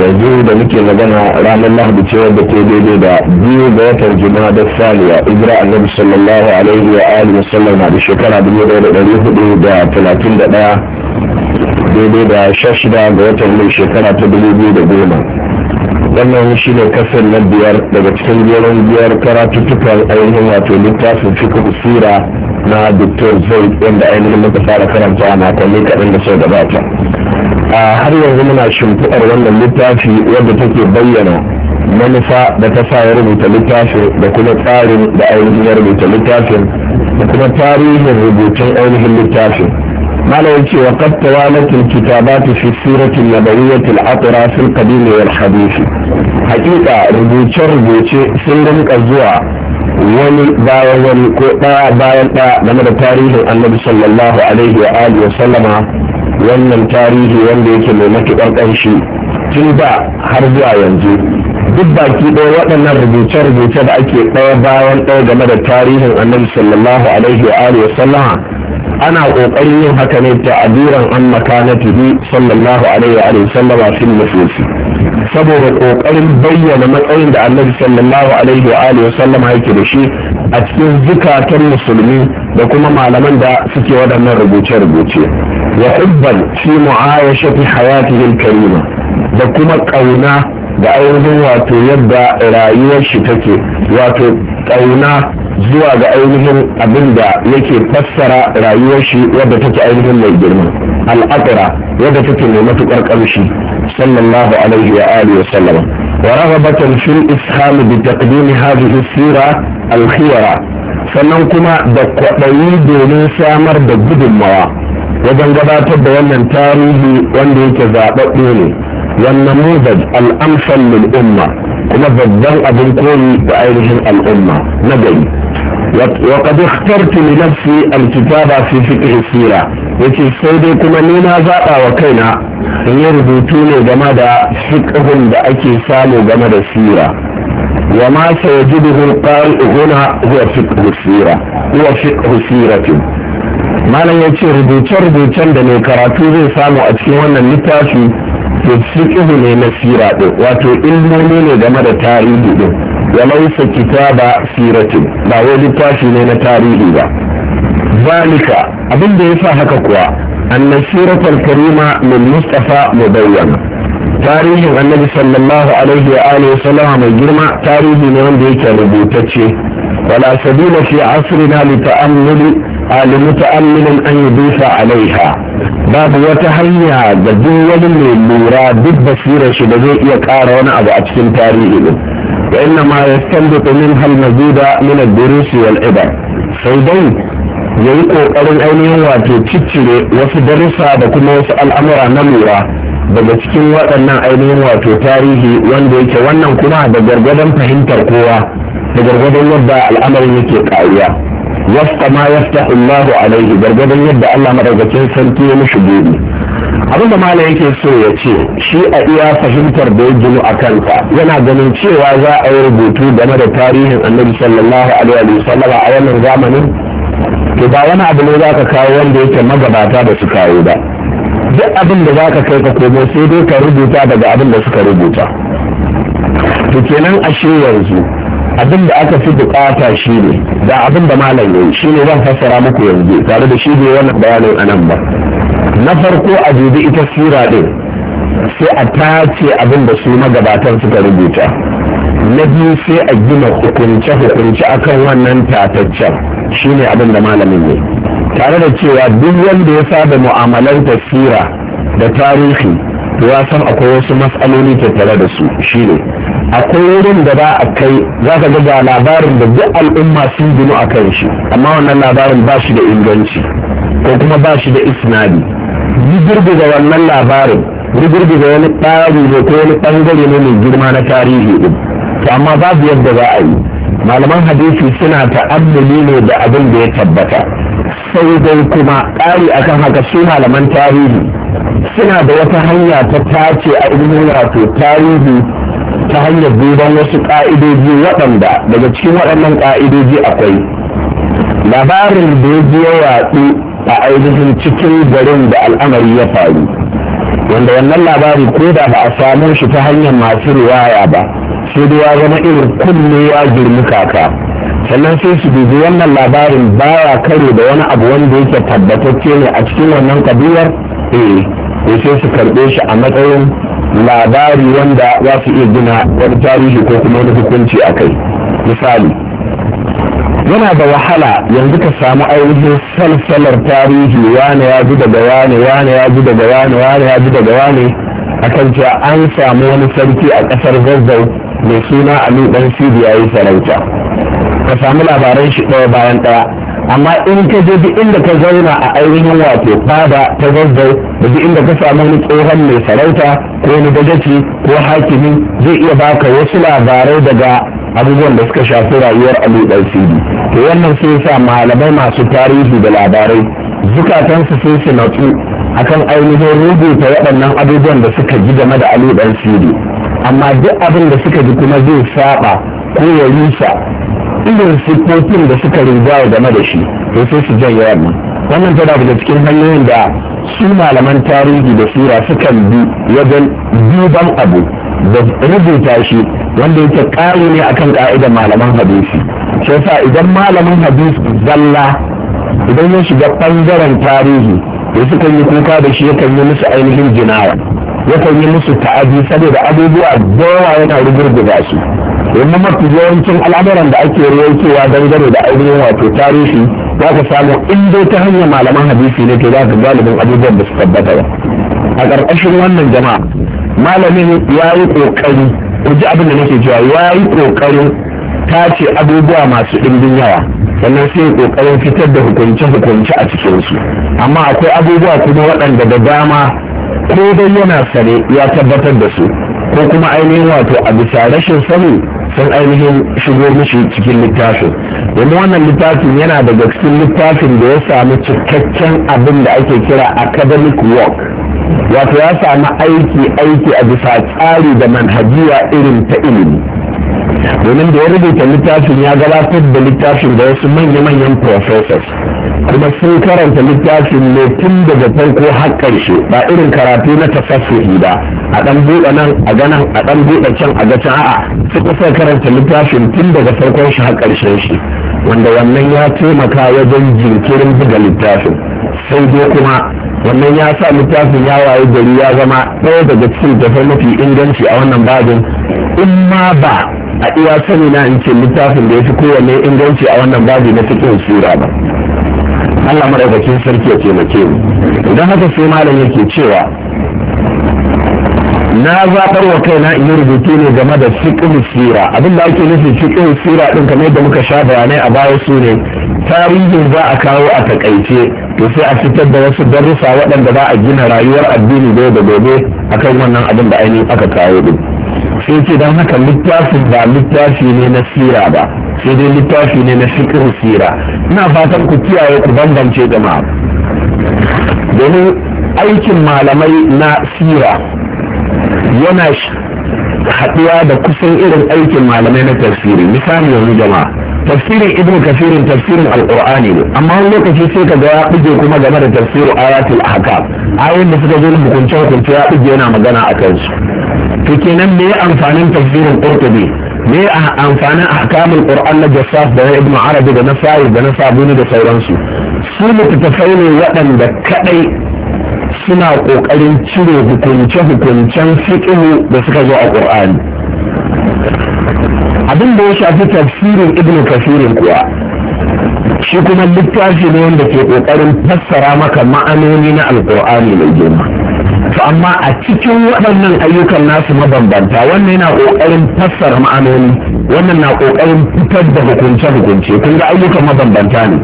yanzu da muke magana ranar lahadi ce wadda ta daidai da biyu ga watan juma'a da saliya ibra annabi sallallahu alaihi wa alihi wa sallam da shekara dubu da ɗari hudu da talatin da ɗaya daidai da sha shida ga watan mai shekara ta dubu biyu da goma wannan shi ne kasar na biyar daga cikin jerin biyar karatuttukan ainihin wato littafin fikir sura na dr zaid yadda ainihin muka fara karanta a makonni kaɗan da sau gabata A har yanzu muna shimfiɗar wannan littafi wadda take bayyana manufa da ta sa ya rubuta littafin da kuma tsarin da ainihin ya rubuta littafin da kuma tarihin rubutun ainihin littafin malam yake wa qad tawalat bata fi sirat an-nabawiyyah al-athra qadim wal hadith haqiqa rubuce rubuce sun rinka zuwa wani bayan wani ko ɗaya bayan ɗaya game da tarihin annabi sallallahu alaihi wa alihi wa sallama wannan tarihi wanda yake mai matuƙar ƙanshi tun da har zuwa yanzu duk baki ɗaya waɗannan rubuce-rubuce da ake ɗaya bayan ɗaya game da tarihin annabi sallallahu alaihi wa alihi ana ƙoƙarin yin haka ne ta adiran an makanatihi sallallahu alaihi wa alihi sallama fil nufusi saboda ƙoƙarin bayyana matsayin da annabi sallallahu alaihi wa alihi sallama yake da shi a cikin zukatan musulmi da kuma malaman da suke waɗannan rubuce-rubuce وحبا في معايشة حياته الكريمة da kuma ƙauna da ainihin wato yadda rayuwar take wato ƙauna zuwa ga ainihin abin da yake fassara rayuwar shi wadda take ainihin mai girma al'aqra wadda take mai matuƙar ƙamshi sallallahu alaihi wa alihi wa sallama wa raghabatan fil isham bi taqdim hadhihi sira al sannan kuma da kwaɗayi domin samar da gudunmawa wajen gabatar da wannan tarihi wanda yake zaɓaɓɓe ne wannan muzaj al'amshan lil umma kuma babban abin koyi da ainihin al'umma na gari وقد اخترت لنفسي الكتابة في فقه السيرة yace sai dai kuma ni na wa kaina in yi rubutu ne game da fiqhun da ake samu game da sira wa ma sayajiduhu alqari huna huwa fiqhu sira huwa fiqhu siratin malam ya ce rubuce-rubucen da mai karatu zai samu a cikin wannan littafi to fiqhu ne na sira ɗin wato ilmomi ne game da tarihi ɗin ya laisa kitaba siratin ba wai littafi ne na tarihi ba zalika abin da yasa haka kuwa anna siratul karima min mustafa mubayyan tarihin annabi sallallahu alaihi wa alihi sallama mai girma tarihi ne wanda yake rubutacce wala sabila fi asrina li ta'ammuli ali muta'amminan an yudufa alaiha babu wata hanya ga duk wani mai lura duk basirar shi da zai iya ƙara wani abu a cikin tarihi din wa inna ma yastanbitu min hal mazuda min ad sai dai yayi ƙoƙarin ainihin wato ciccire wasu darussa da kuma wasu al'amura na lura daga cikin waɗannan ainihin wato tarihi wanda yake wannan kuma da gargadon fahimtar kowa da gargadon yadda al'amarin yake kariya. wasta ma yaftahu allahu alaihi gargadan yadda Allah madaukakin sarki ya mishi gobe abin da malam yake so ya ce shi a iya fahimtar da ya ginu a kansa yana ganin cewa za a yi rubutu game da tarihin annabi sallallahu alaihi a wannan zamanin to ba wani abu ne za ka kawo wanda yake magabata da su kawo ba duk abin da za ka kai ka komo sai dai ka rubuta daga abin da suka rubuta to kenan ashe yanzu abin da aka fi bukata shi ne da abin da malam yayi shi ne zan fassara muku yanzu tare da shi ne wannan bayanin anan ba na farko a dubi ita sira din sai a tace abin da su magabatan suka rubuta na biyu sai a gina hukunce hukunce akan wannan tataccen shi ne abin da malamin ne tare da cewa duk wanda ya saba mu'amalar tasira da tarihi to ya san akwai wasu matsaloli tattare da su shine akwai wurin da ba a kai za ka ga labarin da duk al'umma sun ginu a kan shi amma wannan labarin ba shi da inganci ko kuma ba shi da isnadi ga wannan labarin ga wani tsari ne ko wani bangare ne mai girma na tarihi din to amma babu yadda za a yi malaman hadisi suna ta'ammuli ne da abin da ya tabbata sai dai kuma ƙari akan haka su malaman tarihi suna da wata hanya ta tace a ilimin wato tarihi ta hanyar duban wasu ƙa'idoji waɗanda daga cikin waɗannan ƙa'idoji akwai labarin da ya watsu a ainihin cikin garin da al'amari ya faru wanda wannan labari ko da ba a samu shi ta hanyar masu riwaya ba sai da ya zama irin kunne ya girmi kaka sannan sai su dubi wannan labarin baya kare da wani abu wanda yake tabbatacce ne a cikin wannan kabilar eh sai su karɓe shi a matsayin labari wanda za su iya gina wani tarihi ko kuma wani hukunci a kai misali yana da wahala yanzu ka samu ainihin salsalar tarihi wane ya ji daga wane wane ya ji daga wane wane ya ji daga wane kan cewa an samu wani sarki a ƙasar zazzau mai suna alu dan sidi ya yi sarauta ka samu labaran shi ɗaya bayan ɗaya amma in ka je duk inda ka zauna a ainihin wato fada ta zazzau da duk inda ka samu wani tsohon mai sarauta ko wani dagaci ko hakimi zai iya baka wasu labarai daga abubuwan da suka shafi rayuwar abu sidi. to wannan sai sa malamai masu tarihi da labarai zukatansu sai su natsu akan ainihin rubuta waɗannan abubuwan da suka ji game da alu ɗan amma duk abin da suka ji kuma zai saɓa ko ya rusa irin siffofin da suka rinjaye game da shi to sai su janye wannan wannan tana daga cikin hanyoyin da su malaman tarihi da sura sukan bi wajen duban abu da rubuta shi wanda yake kare ne akan ka'idar malaman hadisi shi yasa idan malamin hadisi zalla idan ya shiga ɓangaren tarihi da suka yi kuka da shi yakan yi musu ainihin jinaya yakan yi musu ta'azi saboda abubuwa da yawa yana rugurguza su yanzu mafi yawancin al'amuran da ake rawaitowa dangane da ainihin wato tarihi za ka samu in dai ta hanyar malaman hadisi ne to za ka galibin abubuwan da su tabbata ba a ƙarƙashin wannan jama'a malamin ya yi ƙoƙari ku ji abin da nake cewa ya yi ƙoƙarin tace abubuwa masu ɗimbin yawa sannan sai ƙoƙarin fitar da hukunce-hukunce a cikinsu amma akwai abubuwa kuma waɗanda da dama ko dai yana sare ya tabbatar da su ko kuma ainihin wato a bisa rashin sani sun ainihin shigo mishi cikin littafin domin wannan littafin yana daga cikin littafin da ya samu cikakken abin da ake kira academic work wato ya samu aiki aiki a bisa tsari da manhajiya irin ta ilimi domin da ya rubuta littafin ya gabatar da littafin da wasu manya-manyan professors kuma sun karanta littafin ne tun daga farko har ƙarshe ba irin karatu na tafasuhi ba a dan buɗe nan a ganan a dan buɗe can a ga can a'a sai kusa karanta littafin tun daga farkon shi har ƙarshen shi wanda wannan ya taimaka wajen jinkirin buga littafin sai dai kuma wannan ya sa littafin ya waye gari ya zama ɗaya daga cikin tafai mafi inganci a wannan babin in ma ba a iya sani na in ce littafin da ya fi kowanne inganci a wannan babi na cikin sura ba Allah madaukakin sarki ya taimake mu idan haka sai malam yake cewa na zaɓar wa kaina in yi rubutu ne game da fiƙin sira abin da ake nufi fiƙin sira ɗin kamar yadda muka sha bayanai a baya su ne tarihin za a kawo a takaice to sai a fitar da wasu darussa waɗanda za a gina rayuwar addini da da gobe akan wannan abin da ainihin aka kawo ɗin sai ce don haka littafin ba littafi ne na sira ba sai dai littafi ne na fiƙin sira ina fatan ku kiyaye ku bambance jama'a domin aikin malamai na sira yana haɗuwa da kusan irin aikin malamai na tafsiri misali yanzu jama'a tafsirin Ibn kafirin tafsirin Alƙur'ani ne amma wani lokaci sai ka ga ya buge kuma game da tafsirin ayatul ahkam ayoyin da suka zo da hukunce hukunce ya buge yana magana a kansu to kenan me amfanin tafsirin qurtubi me amfanin ahkamul qur'an na jassas da Ibn arabi da na sa'i da na sabuni da sauransu su littattafai ne waɗanda kaɗai suna ƙoƙarin cire hukunce-hukuncen fiƙihu da suka zo a ƙur'ani abin da ya shafi tafsirin ibn kafirin kuwa shi kuma littafi ne wanda ke ƙoƙarin fassara maka ma'anoni na alƙur'ani mai girma to amma a cikin waɗannan ayyukan nasu mabambanta wannan yana ƙoƙarin fassara ma'anoni wannan na ƙoƙarin fitar da hukunce-hukunce kun ga ayyukan mabambanta ne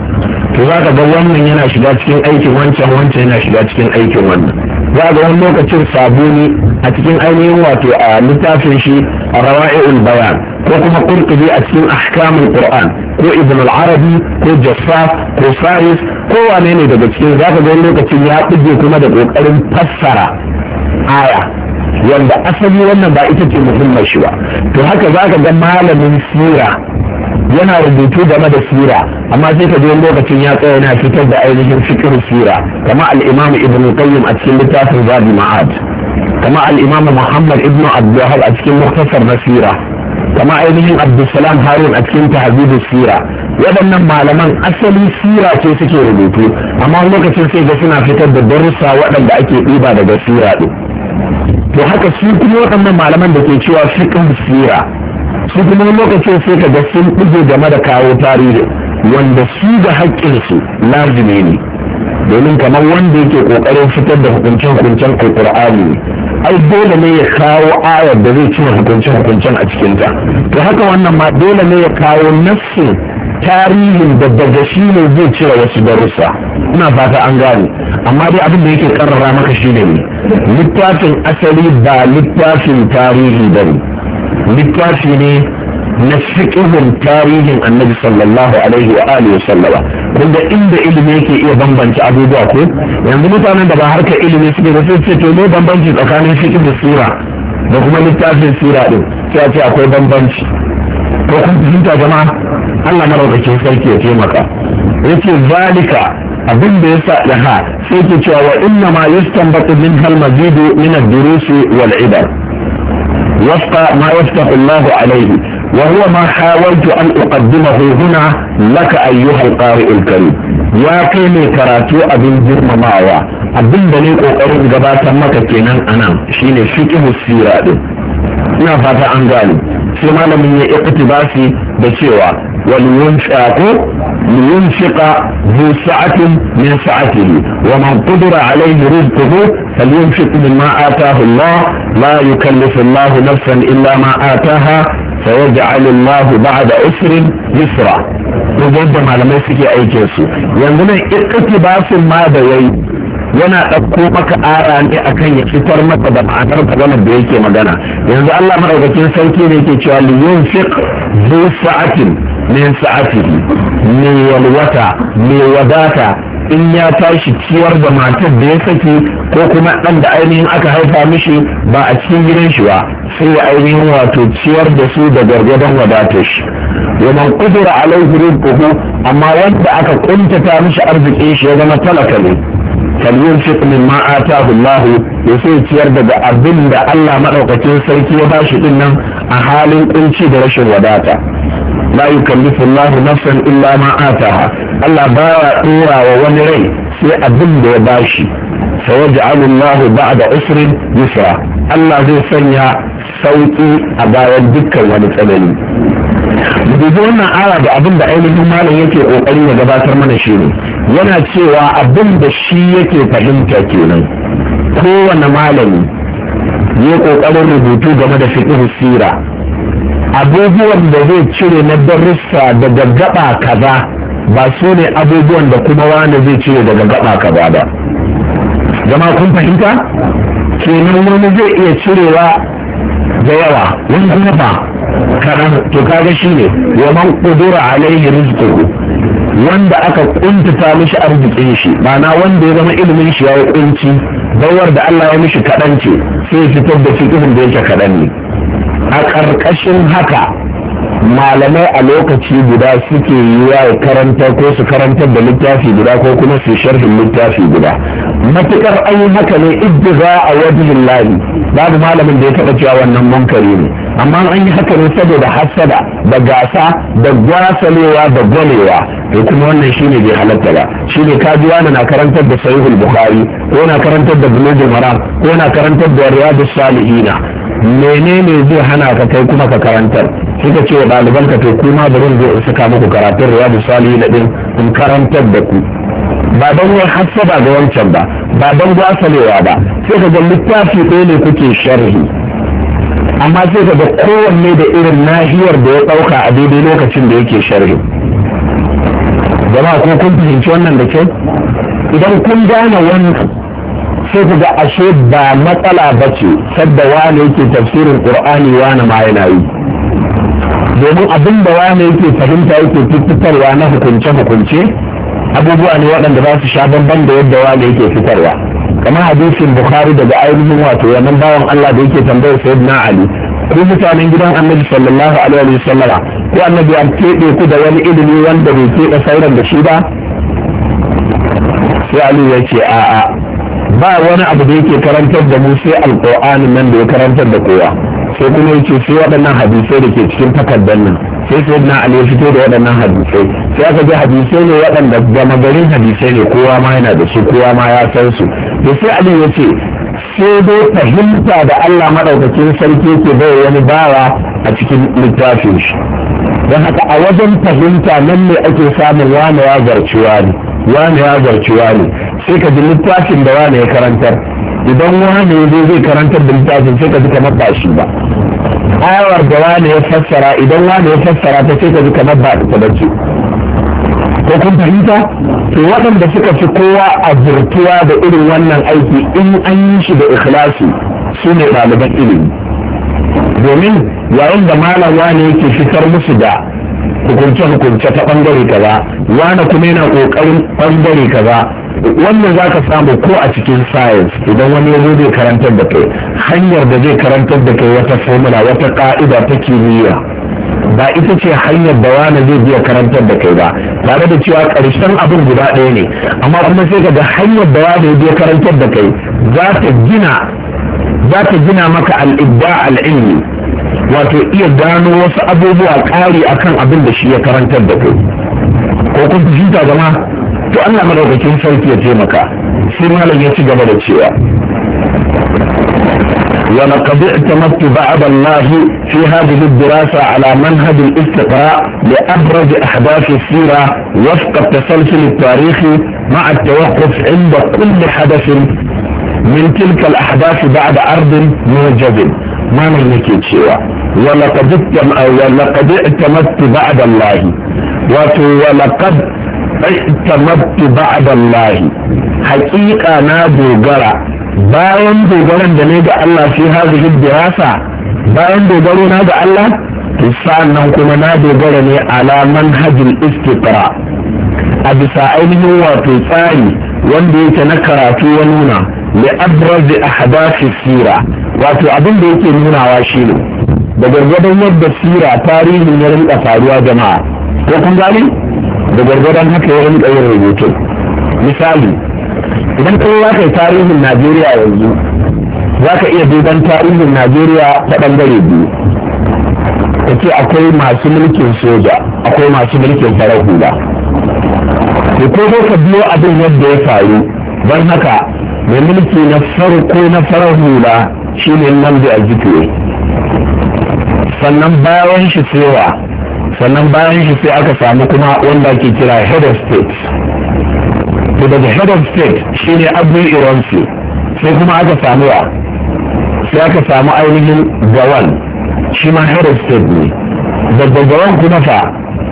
to za ka ga wannan yana shiga cikin aikin wancan wancan yana shiga cikin aikin wannan za ga wani lokacin sabuni a cikin ainihin wato a littafin shi a rawa'i'ul bayan ko kuma kurtubi a cikin ahkamul qur'an ko ibn al-arabi ko jassas ko saris ko wane ne daga cikin za ka ga wani lokacin ya buge kuma da kokarin fassara aya wanda asali wannan ba ita ce muhimmar shi ba to haka za ka ga malamin sira yana rubutu game da sura amma sai ka je lokacin ya tsaya yana fitar da ainihin fikirin sura kama al-imam ibn qayyim a cikin littafin zabi ma'ad kama al-imam muhammad ibn abdullah a cikin muktasar na sura kama ainihin abdulsalam harun a cikin tahzibus sura waɗannan malaman asali sira ce suke rubutu amma lokacin sai ga suna fitar da darussa waɗanda ake ɗiba daga sira ɗin to haka su kuma waɗannan malaman da ke cewa fiqh sira su kuma lokacin sai ka ga sun ɗige game da kawo tarihi wanda su da haƙƙinsu lazimi ne domin kamar wanda yake ƙoƙarin fitar da hukuncin hukuncin alƙur'ani ne ai dole ne ya kawo ayar da zai cire hukuncin hukuncin a cikinta to haka wannan ma dole ne ya kawo nassin tarihin da daga shi ne zai cire wasu darussa ina fata an gane amma dai abin da yake karrara maka shi ne littafin asali ba littafin tarihi ba ne littafi ne na fiƙihun tarihin annabi sallallahu alaihi wa alihi wa sallama kun da inda ilimi yake iya bambance abubuwa ko yanzu mutanen da ba harka ilimi suke ba sai ce to me bambanci tsakanin fiƙi da sura da kuma littafin sura din sai a ce akwai bambanci ko kun fahimta jama'a Allah maraukakin sarki ya taimaka yace zalika abin da ya sa laha sai ke cewa wa inna ma yastanbatu min halma mazidu min ad-durusi wal وفق ما يفتح الله عليه وهو ما حاولت أن أقدمه هنا لك أيها القارئ الكريم يا كيمي كراتو أبن جرم معوا أبن دليل أقرب قباتا مكة كينان أنا شيني فكه السيرة دي ina fata an gane sai malamin ya iktibasi da cewa wal yunshaqu لينفق ذو سعة من سعته ومن قدر عليه رزقه فلينفق مما آتاه الله لا يكلف الله نفسا إلا ما آتاها فيجعل الله بعد أسر يسرا وجد ما لم يسكي أي كيسو ينظر اقتباس ماذا يجب yana ɗauko maka ara ne a kan ya fitar maka da ma'anar maganar da yake magana yanzu Allah maɗaukakin sarki ne ke cewa liyun fiq zu sa'atin min sa'atihi mai yalwata mai wadata in ya tashi ciyar da matar da ya saki ko kuma ɗan da ainihin aka haifa mishi ba a cikin gidan shi ba sai ya ainihin wato ciyar da su da gargadon wadatar shi yaman kudura alaihi rizquhu amma wanda aka kuntata mishi arzikin shi ya zama talaka ne falyunfiq mimma atahu Allah ya sai ciyar daga abin da Allah madaukakin sarki ya bashi din nan a halin kunci da rashin wadata la yukallifu Allahu nafsan illa ma ataha Allah baya dora wa wani rai sai abinda ya bashi سيجعل الله بعد عسر يسرا الله زي سنيا sauki a bayan dukkan wani tsanani dubi wannan ala da abin da ainihin malam yake kokari ya gabatar mana shi ne yana cewa abin da shi yake fahimta kenan kowane malami ya kokarin rubutu game da fiqh sira abubuwan da zai cire na darussa daga gaba kaza ba su ne abubuwan da kuma zai cire daga gaba kaza ba jama'a kun fahimta kenan wani zai iya cirewa da yawa wani kuma ba kaɗan to kaga shi ne wa man ƙudura alaihi rizquhu wanda aka kuntata mishi arzikin shi ma'ana wanda ya zama ilimin shi ya yi kunci bawar da Allah ya mishi kaɗan ce sai fitar da cikin da yake kaɗan ne a ƙarƙashin haka malamai a lokaci guda suke yi ya karanta ko su karantar da littafi guda ko kuma su sharhin littafi guda matukar an yi haka ne za a wajen lahi babu malamin da ya taɓa cewa wannan munkari ne amma an yi haka ne saboda hassada da gasa da gwasalewa da gwalewa to kuma wannan shine bai halatta ba shine kaji wani na karantar da sahihul bukhari ko na karantar da bulugul maram ko na karantar da riyadus salihina Mene menene zai hana ka kai kuma ka karantar suka ce wa ɗaliban ka to kuma bari zai saka muku karatun sali na ɗin in karantar da ku ba don wai ba ga wancan ba ba don gwasalewa ba sai ka ga littafi ɗaya ne kuke sharhi amma sai ka ga kowanne da irin nahiyar da ya ɗauka a daidai lokacin da yake sharhi jama'a ko kun fahimci wannan da kyau idan kun gane wannan sai ku ga ashe ba matsala ba ce sadda wane yake tafsirin qur'ani wane ma yana yi domin abin da wane yake fahimta yake fitarwa na hukunce hukunce abubuwa ne waɗanda za su sha bamban da yadda wane yake fitarwa kamar hadisin bukhari daga ainihin wato wannan bawan allah da yake tambayar sayyidina ali ku mutanen gidan annabi sallallahu alaihi wa sallama ko annabi an keɓe ku da wani ilimi wanda bai keɓe sauran da shi ba sai ali ya ce a'a ba wani abu da yake karantar da mu sai alƙur'anin nan da ya karantar da kowa sai kuma yace sai waɗannan hadisai da ke cikin takardar nan sai sai na ali fito da waɗannan hadisai sai aka ji hadisai ne waɗanda gama garin hadisai ne kowa ma yana da su kowa ma ya san su da sai ali ya ce sai dai fahimta da Allah maɗaukakin sarki ke bai wani bawa a cikin littafin shi don haka a wajen fahimta nan ne ake samun wani ya zarci wani ya zarci wani sai ka ji littafin da wane ya karantar idan wane ne zai karantar da littafin sai ka ji kamar ba shi ba ayawar da wane ya fassara idan wane ya fassara ta sai ka ji kamar ba ta bace ko kun fahimta to waɗanda suka fi kowa a zurtuwa da irin wannan aiki in an yi shi da ikhlasi su ne ɗaliban ilimi domin yayin da malam wane yake fitar musu da hukunce-hukunce ta ɓangare kaza wane kuma yana ƙoƙarin ɓangare kaza wannan za ka samu ko a cikin science idan wani ya zo zai karantar da kai hanyar da zai karantar da kai wata formula wata ka'ida ta kimiyya ba ita ce hanyar da wani zai biya karantar da kai ba tare da cewa karshen abin guda ɗaya ne amma kuma sai ka ga hanyar da wani biya karantar da kai za ta gina za ta gina maka al'ibba al'ilmi wato iya gano wasu abubuwa ƙari akan abin da shi ya karantar da kai ko kun zama to Allah madaukakin sarki ya taimaka sai malam ya ولقد اعتمدت بعض الله في هذه الدراسة على منهج الاستقراء لأبرز أحداث السيرة وفق التسلسل التاريخي مع التوقف عند كل حدث من تلك الأحداث بعد عرض موجز ما نحن سوى ولقد ولقد اعتمدت بعد الله ولقد tamattu ba'dallahi haƙiƙa na dogara bayan dogaran da ne ga Allah fi hadhihi dirasa bayan dogaro na ga Allah to nan kuma na dogara ne ala manhajil istitra a bisa ainihin wato tsari wanda yake na karatu ya nuna li abrazi ahdathi sira wato abin da yake nunawa shine da gargadon yadda sira tarihi ne rinka faruwa jama'a ko kun gani da gwargwadon haka ya rinka yin rubutu misali idan kai za ka yi tarihin najeriya yanzu za ka iya duban tarihin najeriya ta ɓangare biyu ka ce akwai masu mulkin soja akwai masu mulkin farar hula ko ko ka biyo abin yadda ya faru don haka mai mulki na farko na farar hula shine nan da sannan bayan shi tsewa sannan bayan shi sai aka samu kuma wanda ke kira head of state to daga head of state shi ne abin iransu sai kuma aka samu wa sai aka samu ainihin gawan shi ma head of state ne daga gawan kuma fa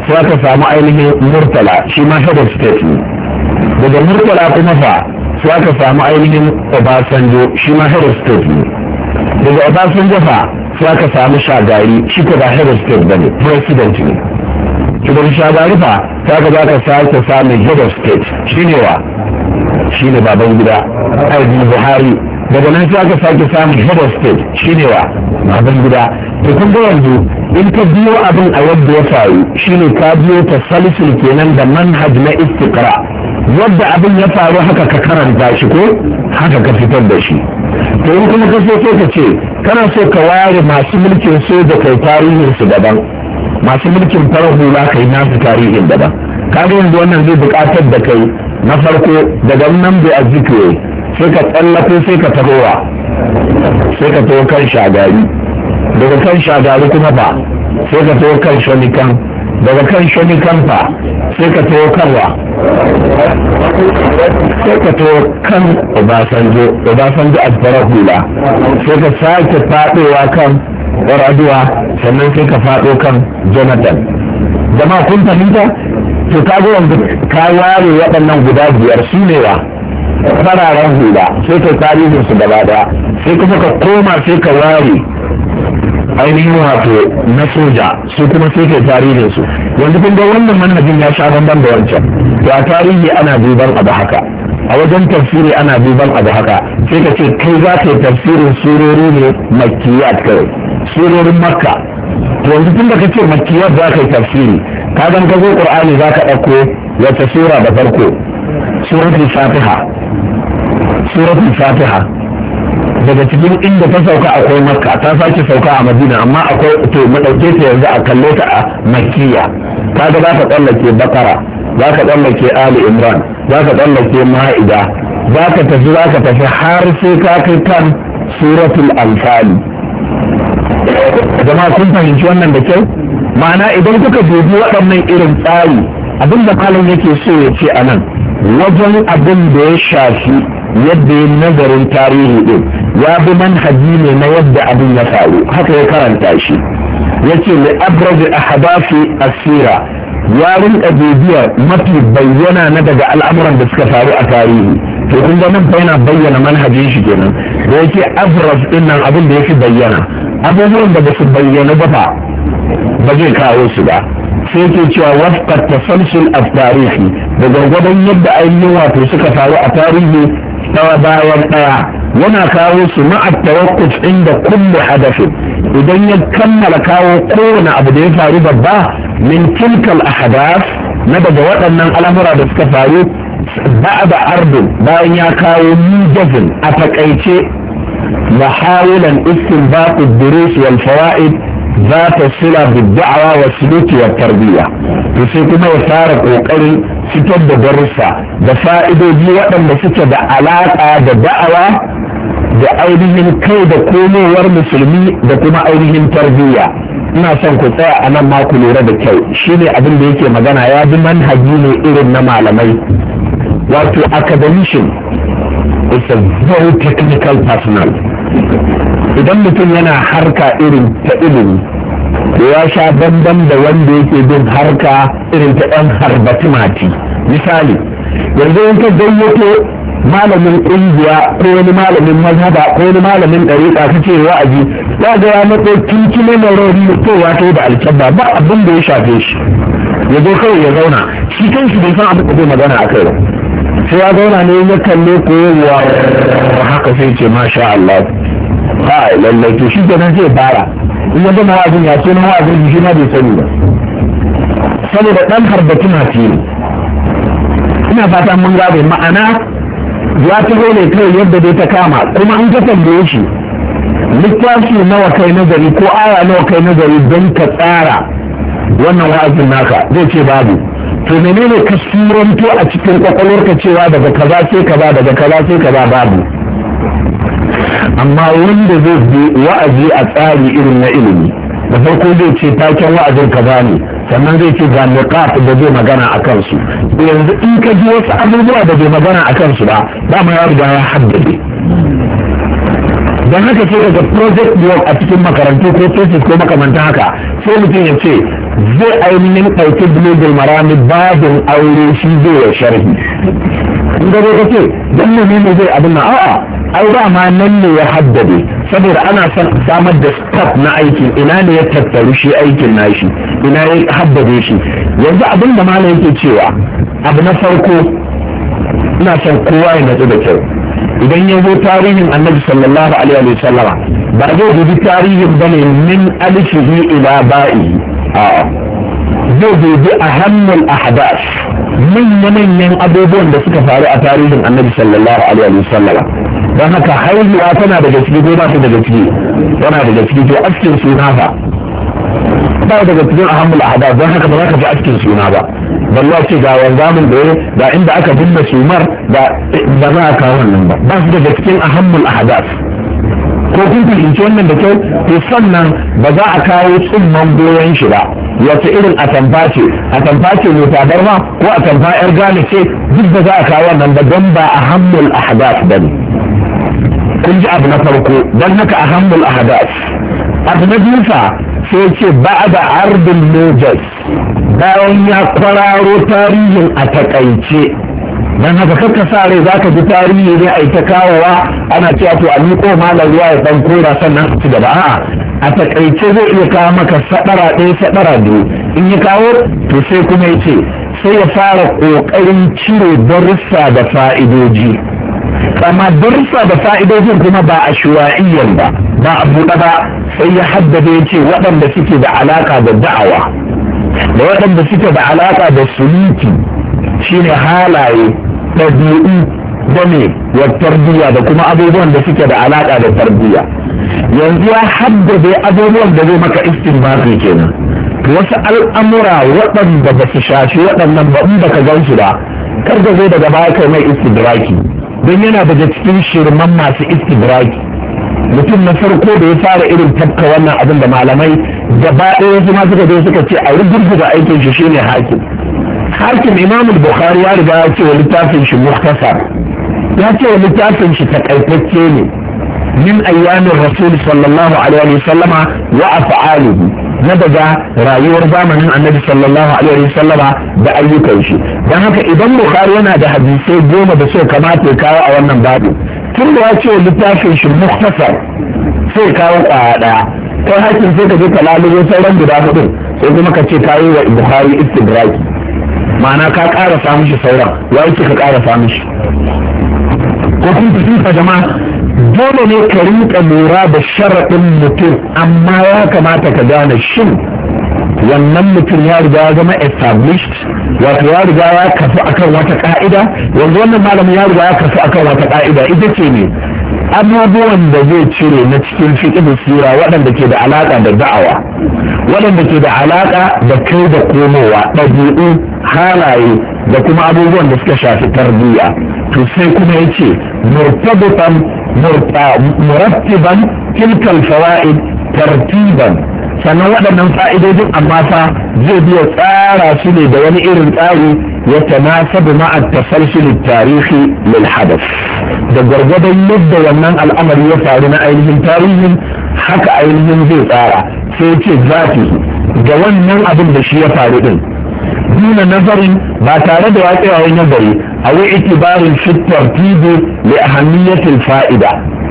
sai aka samu ainihin murtala shi ma head of state ne daga murtala kuma fa sai aka samu ainihin obasanjo shi ma head of state ne daga obasanjo fa sai aka samu shagari shi ko ba head of state bane president ne shugaban shagari ba sai aka zaka sake samun head of state shine wa shine baban gida aiki buhari daga nan sai aka sake samun head of state shine wa baban gida to kun ga yanzu in ka biyo abin a yadda ya faru shine ka biyo tasalsul kenan da manhaj na istiqra yadda abin ya faru haka ka karanta shi ko haka ka fitar da shi to in kuma ka so ka ce kana so ka ware masu mulkin soja kai tarihin su daban masu mulkin farar hula kai nasu tarihin daban kaga yanzu wannan zai buƙatar da kai na farko daga nan bai azikwe sai ka tsallako sai ka tarowa sai ka taho kan shagari daga kan shagari kuma ba sai ka taho kan shanikan daga kan shanikan fa sai ka to karwa sai ka to kan obasanjo obasanjo abbara hula sai ka sake fadowa kan raduwa sannan sai ka fado kan jonathan jama'a kun fahimta to ka ga wanda ka ware waɗannan guda biyar su ne wa fararen hula sai ka tarihinsu su gaba sai kuma ka koma sai ka ware ainihin wato na soja su kuma sai ke tarihin su yanzu kun ga wannan manhajin ya sha bamban da wancan to a tarihi ana duban abu haka a wajen tafsiri ana duban abu haka sai ka ce kai za ka yi tafsirin surori ne makiyat kawai surorin makka to yanzu tun da ka ce makiyat za ka yi tafsiri ka zan ka zo ƙur'ani za ka ɗauko wata sura da farko suratul fatiha suratul fatiha daga cikin inda ta sauka akwai makka ta sake sauka a madina amma akwai to madauke ta yanzu a kalle ta a makkiya ta ga za ka tsallake bakara za ka tsallake ali imran za ka tsallake ma'ida za ka tafi za ka tafi har sai ka kai kan suratul alfali jama'a kun fahimci wannan da kyau ma'ana idan kuka dubi waɗannan irin tsari abin da malam yake so ya ce anan, wajen abin da ya shafi yadda yin nazarin tarihi din. ya bi manhaji ne na yadda abin ya faru haka ya karanta shi ya ce mai abrazi a habafi asira ya rinka bibiya mafi bayyana na daga al'amuran da suka faru a tarihi to kun ga nan yana bayyana manhajin shi kenan da yake abraz din nan abin da fi bayyana abubuwan da ba su bayyana ba ba zai kawo su ba sai ke cewa wafqat tasalsul a tarihi da gwargwadon yadda ainihin wato suka faru a tarihi ɗaya bayan ɗaya yana kawo su ma'a tawakkuf inda kullu hadafin idan ya kammala kawo kowane abu da ya faru babba min tilkal ahadath na daga waɗannan al'amura da suka faru ba'da ardin bayan ya kawo mujazin a takaice mahawilan istinbat ad-durus wal fawaid sai kuma ya fara ƙoƙarin fitar da darussa da fa'idodi waɗanda suke da alaƙa da da'awa da ainihin kai da komowar musulmi da kuma ainihin tarbiyya ina son ku tsaya a nan ma ku lura da kyau shine abin da yake magana ya bi manhaji ne irin na malamai wato academician is a very technical personal idan mutum yana harka irin ta ilimi ya sha banban da wanda yake bin harka irin ta ɗan harbatimati misali yanzu in ka gayyato malamin ƙungiya ko wani malamin mazhaba ko wani malamin ɗariƙa ce wa'azi za ga ya matso kinkime mai rauni da kowa ta da alkyabba ba abin da ya shafe shi ya zo kawai ya zauna shi kan shi bai san abin da zai magana a kai ba sai ya zauna ne ya kalle koyarwa haka sai ce masha Allah ha lallai to shi kenan zai bara in ya gama wa'azin ya ce na wa'azin shi ma bai sani ba saboda ɗan harbatu na fiye ina fata mun gabe ma'ana ya zo ne kai yadda dai ta kama kuma an ka tambaye shi littafi nawa kai nazari ko aya nawa kai nazari don ka tsara wannan wa'azin naka zai ce babu to menene ka suranto a cikin kwakwalwarka cewa daga kaza sai kaza daga kaza sai kaza babu amma wanda zai bi wa'azi a tsari irin na ilimi da farko zai ce taken wa'azin kaza ne sannan zai ce ga niqab da zai magana a kansu yanzu in ka ji wasu abubuwa da bai magana a kansu ba dama ya riga ya haddade Dan haka ce daga project work a cikin makarantu ko thesis ko makamantan haka sai mutum ya ce zai ainihin ɗauki global marami babin aure shi zai ya sharhi in gaba ka ce don ne zai abin na a'a ai ma nan ne ya haddade saboda ana son samar da staff na aikin ina ne ya tattaru shi aikin na shi? ina ya haddade shi yanzu abin da malam yake cewa abu na farko ina son kowa ya natsu da kyau idan ya zo tarihin annabi sallallahu alaihi wa sallama ba zai dubi tarihin ba ne min alifihi ila ba'i a'a zai dubi ahammul ahdath manya-manyan abubuwan da suka faru a tarihin annabi sallallahu alaihi wa sallama don haka haihuwa tana daga ciki ko ba ta daga ciki tana daga ciki to askin suna fa ba daga cikin ahammul ahada don haka ba za ka ji askin suna ba balla ce ga wanzamin da ga inda aka binne sumar da ba za a kawo wannan ba ba su daga cikin ahammul ahadas ko kun fahimci wannan da kyau to sannan ba za a kawo tsumman goyon shi ba wata irin atamfa ce atamfa ce mai tabarma ko atamfa yar gane ce duk ba za a kawo wannan ba don ba ahammul ahadas ba ne kun ji abu na farko don haka a hamdul ahadas abu na jinsa sai ce ba da ardin mojas bayan ya kwararo tarihin a takaice don haka kakka sa rai za ka ji tarihi ne a ita kawowa ana cewa to a miƙo malar ruwa ya ɗan kora sannan su gaba a'a a takaice zai iya kawo maka sadara ɗaya sadara biyu in ya kawo to sai kuma ya ce sai ya fara ƙoƙarin cire darussa da fa'idoji amma darussa da fa'idojin kuma ba a shuwa'iyyar ba ba a buɗe ba sai ya haddada ya ce waɗanda suke da alaka da da'awa da waɗanda suke da alaka da suluki shine halaye ɗabi'u da ne wa tarbiyya da kuma abubuwan da suke da alaka da tarbiyya yanzu ya haddada abubuwan da zai maka istinbati kenan wasu al'amura waɗanda ba su shafi waɗannan ba in baka gan su ba kar da zai daga baya kai mai istidraki don yana daga cikin shirman masu istibraki mutum na farko da ya fara irin tafka wannan abin da malamai gaba ɗaya su suka zo suka ce a rubutu da aikin shi shine hakim hakim imam bukhari ya riga ya ce wa littafin shi muhtasar ya ce wa littafin shi takaitacce ne min ayyamin rasul sallallahu alaihi wa sallama wa af'alihi na daga rayuwar zamanin annabi sallallahu alaihi wasallama da ayyukan shi Dan haka idan bukhari yana da hadisai goma da suka kamata ya kawo a wannan babu tun da ya ce littafin shi muhtasar sai kawo kwaya daya kai hakin sai ka je ka lalubo sauran guda hudu sai kuma ka ce kawo wa bukhari istidraki ma'ana ka ƙara samun shi sauran wai ka ƙara samun shi ko kun fahimta jama'a dole ne ka rinka lura da sharaɗin mutum amma ya kamata ka gane shin wannan mutum ya riga ya zama established wato ya riga ya kafu akan wata ka'ida yanzu wannan malamin ya riga ya kafu akan wata ka'ida ita ce ne abubuwan da zai cire na cikin fiƙin sura waɗanda ke da alaƙa da da'awa waɗanda ke da alaƙa da kai da komowa ɗabi'u halaye da kuma abubuwan da suka shafi tarbiyya to sai kuma ya ce murtabitan murattiban tilkal fawa'id tartiban sannan waɗannan fa'idojin amma fa zai biya tsara su ne da wani irin tsari ya tanasabu ma'a tafalsul tarihi lil da gwargwadon yadda wannan al'amari ya faru na ainihin tarihin haka ainihin zai tsara sai ce zafi ga wannan abin da shi ya faru din duna nazarin ba tare da watsewa nazari a wai itibarin fitar tibi li ahammiyatil fa'ida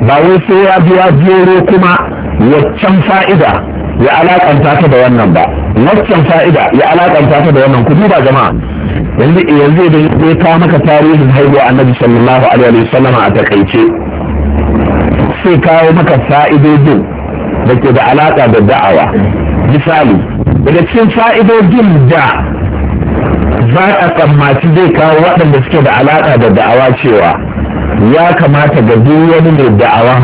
ba wai sai ya biya jero kuma waccan fa'ida ya alakanta ta da wannan ba waccan fa'ida ya alakanta ta da wannan ku duba jama'a yanzu yanzu da ya kawo maka tarihin haihuwa annabi sallallahu alaihi wasallama a takaice sai kawo maka fa'idodin da ke da alaƙa da da'awa misali daga cikin fa'idodin da za a tsammaci zai kawo waɗanda suke da alaƙa da da'awa cewa ya kamata ga duk wani mai da'awa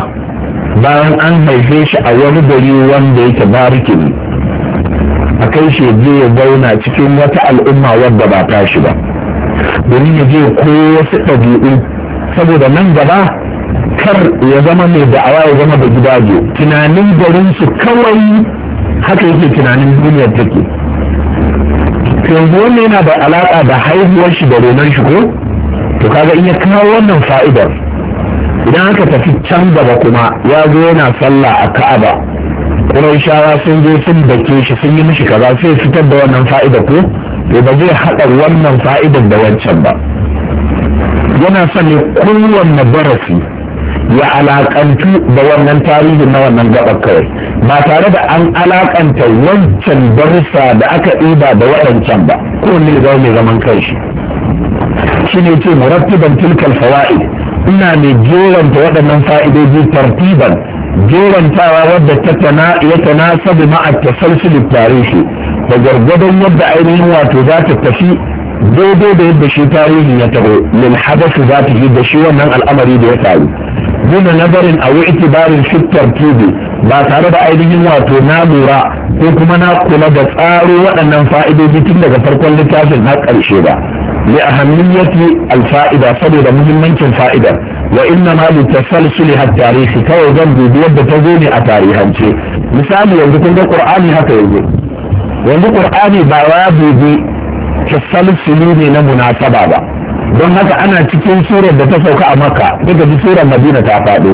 bayan an haife shi a wani gari wanda yake bariki a kai shi zai zauna cikin wata al'umma wadda ba ta shi ba domin ya je ko wasu ɗabi'u saboda nan gaba kar ya zama mai da'awa ya zama da gidaje tunanin garinsu kawai haka yake tunanin duniyar take yanzu wannan yana da alaƙa da haihuwar shi da renon shi ko to kaga in ya kawo wannan fa'idar idan aka tafi can gaba kuma ya zo yana sallah a ka'aba kuma shawa sun zo sun dake shi sun yi mishi kaza sai fitar da wannan fa'idar ko to ba zai haɗa wannan fa'idar da wancan ba yana son ne kowanne darasi ya alakantu da wannan tarihin na wannan gabar kawai ba tare da an alakanta wancan darussa da aka ɗiba da waɗancan ba ko ne zai mai zaman kanshi shi ne ce murattiban tilkal fawaid ina mai jeranta waɗannan fa'idoji tartiban jerantawa wadda ta tana ya tanasabu ma'a tasalsul tarihi da gargadon yadda ainihin wato za ta tafi daidai da yadda shi tarihin ya taho lil hadasu za ta yi da shi wannan al'amari da ya faru duna nazarin a wuce barin shiftar tudu ba tare da ainihin wato na lura ko kuma na kula da tsaro waɗannan fa'idoji tun daga farkon littafin na ƙarshe ba li ahammiyati alfa'ida saboda muhimmancin fa'idar wa inna ma li tasalsuli hat tarihi kawai zan dubi yadda ta zo ne a tarihance misali yanzu kun ga qur'ani haka yanzu yanzu qur'ani ba ya dubi tasalsuli ne na munasaba ba don haka ana cikin surar da ta sauka a maka daga ji surar madina ta faɗo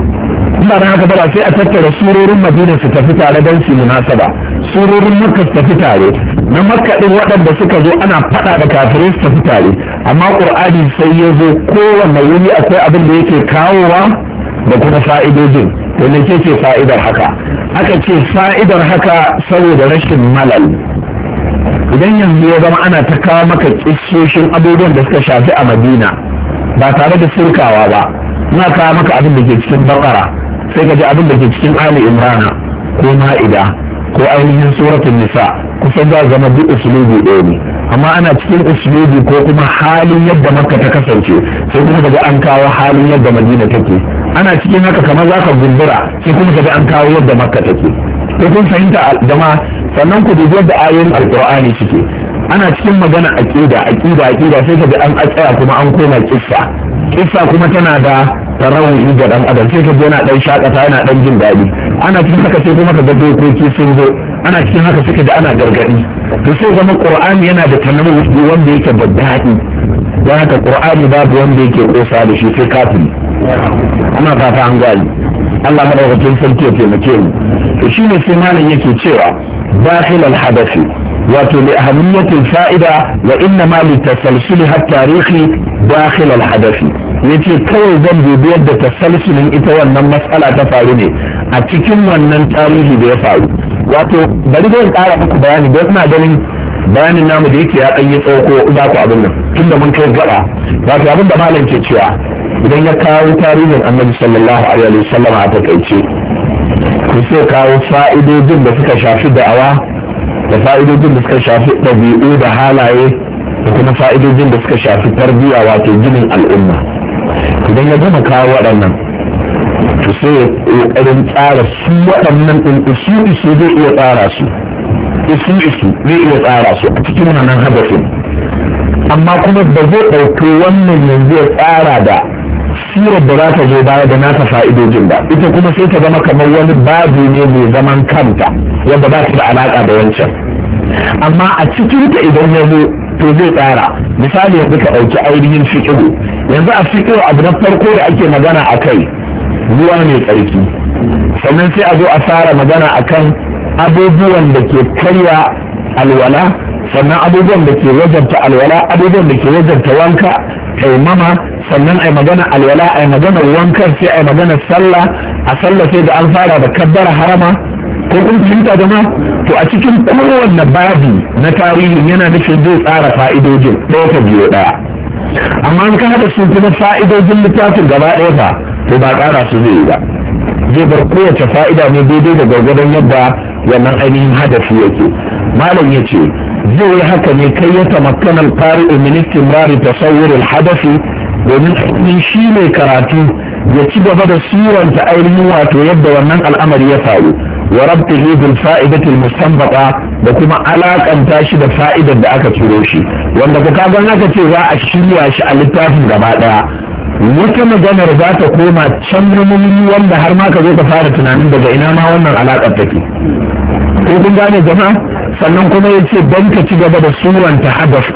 ba na haka bara sai a tattara surorin madina su tafi tare don su munasaba surorin makka su tafi tare na makka ɗin waɗanda suka zo ana faɗa da kafirai su tafi tare amma ƙur'ani sai ya zo kowanne wuri akwai abin da yake kawowa da kuma fa'idojin to ne ce fa'idar haka aka ce fa'idar haka saboda rashin malal idan yanzu ya zama ana ta kawo maka kishoshin abubuwan da suka shafi a madina ba tare da surkawa ba na kawo maka abin da ke cikin bakara sai ka ji abin da ke cikin ali imrana ko ma'ida ko ainihin suratun nisa kusan za zama duk usulubi ɗaya ne amma ana cikin usulubi ko kuma halin yadda makka ta kasance sai kuma kaga an kawo halin yadda madina take ana cikin haka kamar za ka gumbura sai kuma kaga an kawo yadda makka take ko kun fahimta jama'a sannan ku dubi da ayoyin alkur'ani suke ana cikin magana aqida aqida aqida sai ka ji an tsaya kuma an koma kissa kissa kuma tana da tarawih ga dan adam sai ka ji yana dan shakata yana dan jin daɗi ana cikin haka sai kuma ka ga dokoki sun zo ana cikin haka suke da ana gargaɗi to sai zama qur'ani yana da tanawwu wanda yake da daɗi don haka qur'ani babu wanda yake kosa da shi sai kafin ana fata an gani Allah madaukakin sarki ya taimake mu to shine sai malam yake cewa داخل الحدث mali الفائدة har tarihi التاريخي داخل الحدث yace kawai zan dubi yadda tasalsulin ita wannan matsala ta faru ne a cikin wannan tarihi da ya faru wato bari zan kara muku bayani don ina ganin bayanin namu da yake ya ɗan tsoko ba ku abin nan tun da mun kai gaba wato abin da malam ke cewa idan ya kawo tarihin annabi sallallahu alaihi wasallam a takaice to sai kawo fa'idojin da suka shafi da'awa da fa'idojin da suka shafi ɗabi'u da halaye da kuma fa'idojin da suka shafi tarbiyya wato ginin al'umma idan ya gama kawo waɗannan to sai ya ƙoƙarin tsara su waɗannan ɗin isu isu zai iya tsara su isu isu zai iya tsara su a cikin wannan hadafin amma kuma ba zai ɗauki wannan yanzu ya tsara da sirar da za ta zo baya da nata fa'idojin ba ita kuma sai ta zama kamar wani babu ne mai zaman kanta wanda ba ta da alaƙa da wancan amma a cikin ta idan ya zo to zai tsara misali yanzu ka ɗauki ainihin fiƙiru yanzu a fiƙiru abu na farko da ake magana a kai ruwa mai tsarki sannan sai a zo a fara magana akan abubuwan da ke karya alwala sannan abubuwan da ke wajabta alwala abubuwan da ke wajabta wanka taimama sannan ai magana alwala ai magana wankan sai ai magana sallah a sallah sai da an fara da kaddara harama ko kun fahimta jama'a to a cikin kowanne babi na tarihi yana nufin zai tsara fa'idojin ɗaya ta biyo ɗaya amma in ka haɗa su kuma fa'idojin littafin gaba ɗaya ba to ba ƙara su zai yi ba zai bar kowace fa'ida ne daidai da gwargwadon yadda wannan ainihin hadafi yake malam ya ce zai yi haka ne kai ya tamakkana alfari'u min istimrari tasawwur alhadafi domin ainihin shi mai karatu ya ci gaba da suranta ainihin wato yadda wannan al'amari ya faru wa rabtihi bil fa'idati al da kuma alakanta shi da fa'idar da aka ciro shi wanda ku kaga aka ce za a shirya shi a littafin gaba daya wata maganar za ta koma can rumuni wanda har ma ka zo ka fara tunanin daga ina ma wannan alakar take ko kun gane jama'a sannan kuma ya ce ban ka ci gaba da suranta hadaf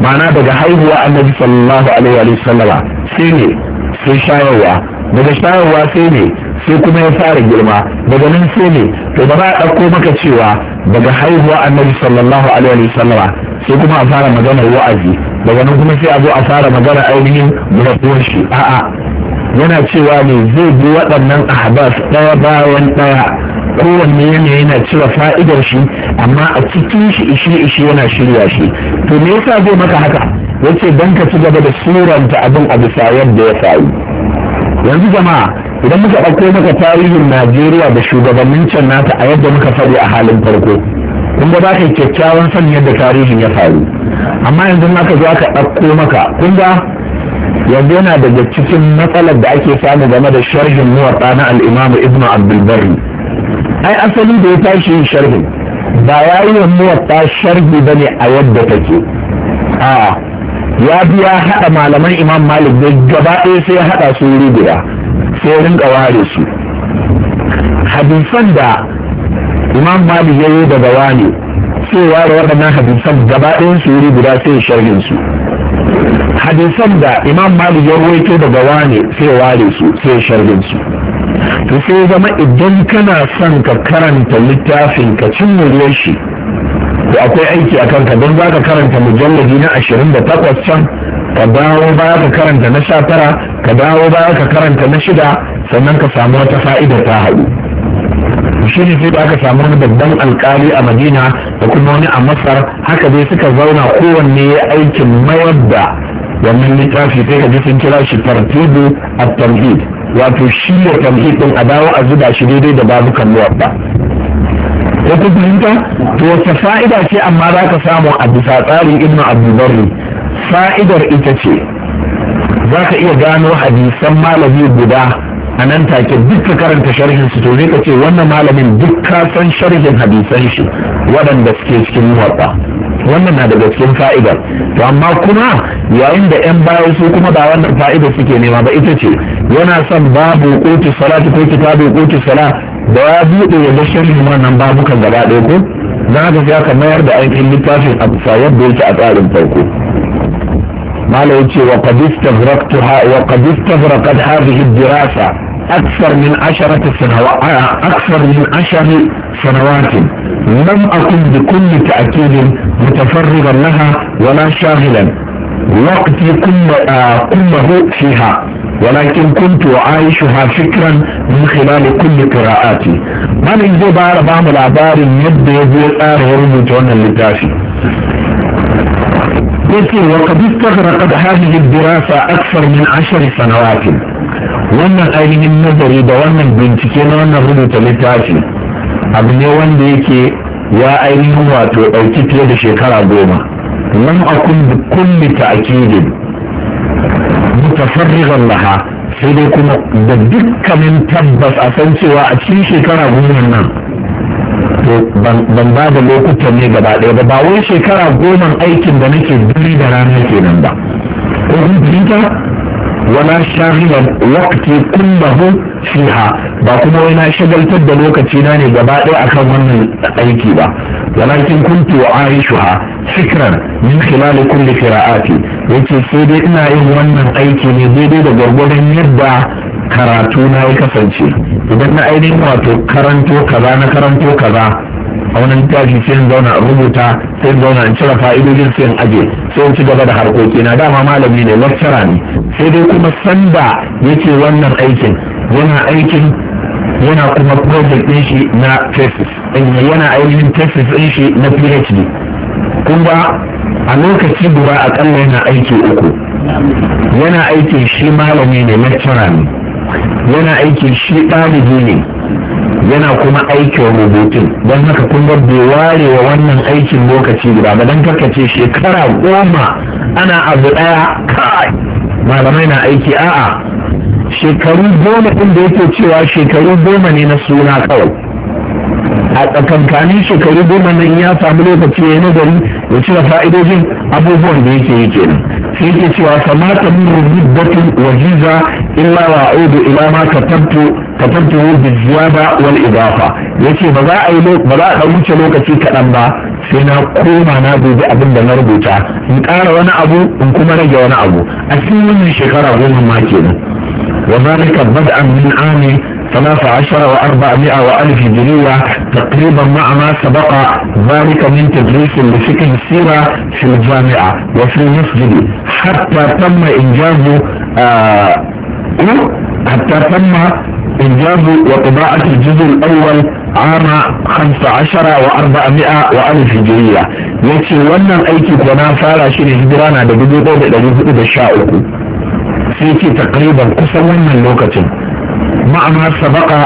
ma'ana daga haihuwa annabi sallallahu alaihi wa sallama sai ne sai shayarwa daga shayarwa sai ne sai kuma ya fara girma daga nan sai ne to ba za a ɗauko maka cewa daga haihuwa annabi sallallahu alaihi wa sallama sai kuma a fara maganar wa'azi daga nan kuma sai a zo a fara maganar ainihin murabuwar shi a'a yana cewa ne zai bi waɗannan ahbas ɗaya bayan ɗaya kowanne yanayi yana cire fa'idar shi amma a cikin shi ishe ishe yana shirya shi to me yasa zai maka haka yace dan ka ci gaba da suranta abin a bisa yadda ya faru yanzu jama'a idan muka ɗauko maka tarihin najeriya da shugabannin can nata a yadda muka faɗi a halin farko kun ga baka kyakkyawan san yadda tarihin ya faru amma yanzu aka zo aka ɗauko maka kun ga yanzu yana daga cikin matsalar da ake samu game da sharhin muwaɗa na al'imamu ibnu abdulbari ai asali da ya tashi yin sharhin ba ya yi wa ta sharhi ba ne a yadda take A, ya biya haɗa malaman imam malik da gaba ɗaya sai ya haɗa su wuri guda sai rinka ware su hadisan da imam malik ya yi daga wani sai ware waɗannan hadisan gaba ɗaya su wuri guda sai sharhin su hadisan da imam malik ya ruwaito daga wani sai ware su sai sharhin su to sai zama idan kana son ka karanta littafin ka cimma muryar shi to akwai aiki a kanka don za ka karanta mujallabi na ashirin da takwas can ka dawo baya ka karanta na sha tara ka dawo baya ka karanta na shida sannan ka samu wata fa'idar ta haɗu shi ne sai da aka samu wani babban alkali a madina da kuma wani a masar haka dai suka zauna kowanne ya aikin mayar da wannan littafi sai ka ji sun kira shi tartibu at wato shi ne tamhid din a dawo a zuba shi daidai da babu kalluwar ba ko ku fahimta to wata fa'ida ce amma za ka samu a bisa tsarin ibn abdubarri fa'idar ita ce za ka iya gano hadisan malami guda a nan take duk karanta sharhin su to zai ka ce wannan malamin duk ka san sharhin hadisan shi waɗanda suke cikin muwatta wannan na daga cikin fa'idar to amma kuma yayin da 'yan baya su kuma ba wannan fa'idar suke nema ba ita ce yana son babu kuti salati ko kitabu kuti sala da ya buɗe ya ga shirin wannan babukan gaba ɗaya ko don haka sai aka mayar da aikin littafin a bisa yadda yake a tsarin farko malam yace wa qad istaghraqtuha wa qad istaghraqat hadhihi ad-dirasa أكثر من عشرة سنوات أكثر من عشر سنوات لم أكن بكل تأكيد متفرغا لها ولا شاغلا وقتي كله فيها ولكن كنت أعيشها فكرا من خلال كل قراءاتي ما نجد بعض بعض العبار يبدو يبدو الآن آه، ورمو جون اللتاشي وقد استغرقت هذه الدراسة أكثر من عشر سنوات وانا قايلين النظري دوانا بنتكينا وانا رمو تلتاشي أبن يوان ديكي يا أيها الواتو أو تتلد شكرا بوما لم أكن بكل تأكيد mutafarrigan laha sai dai kuma da dukkanin tabbas a san cewa a cikin shekara goma nan ban ba da lokutan ne gaba ɗaya ba ba wai shekara goma aikin da nake dare da rana kenan ba ko kun fahimta wala shaghilan waqti kullahu fiha ba kuma wai na shagaltar da lokaci na ne gaba ɗaya akan wannan aiki ba walakin kuntu wa aishuha fikran min khilal kulli qira'ati yace sai dai ina yin wannan aiki ne daidai da gwargwadon yadda karatu na ya kasance idan na ainihin wato karanto kaza na karanto kaza a wani littafi sai in zauna in rubuta sai in zauna in cire fa'idojin sai in aje sai in ci gaba da harkoki na dama malami ne lecturer ne sai dai kuma sanda yake wannan aikin yana aikin yana kuma project din shi na thesis yana ainihin thesis din shi na phd kun ba a lokaci guda akalla yana aiki uku yana aiki shi malami ne lecturer ne yana aiki shi ɗalibi ne yana kuma aikin rubutun don haka kun ga bai ware wa wannan aikin lokaci guda ba don karka ce shekara goma ana abu ɗaya kai malamai na aiki a'a shekaru goma ɗin da yake cewa shekaru goma ne na suna kawai a tsakankanin shekaru goma nan ya samu lokaci ya nazari ya cire fa'idojin abubuwan da yake yi kenan sai yake cewa kamata ta muru muddatun wajiza illa wa audu ila ma katabtu katabtu bi ziyada wal idafa yace ba za a yi ba za a wuce lokaci kaɗan ba sai na koma na dubi abin da na rubuta in kara wani abu in kuma rage wani abu a cikin wannan shekara goma ma kenan wa zalika bad'an min amin. ثلاث عشر وأربعمائة وألف هجرية تقريبا مع ما سبق ذلك من تدريس لفكر السيرة في الجامعة وفي المسجد حتى تم إنجاز آه حتى تم إنجاز وطباعة الجزء الأول عام 15 و400 وألف هجرية يتي ونن أيكي كنا فارا شيني هجرانا دا بدو دا بجوطو دا شاوكو سيتي تقريبا كسا ونن لوكتين ma'ana sabaka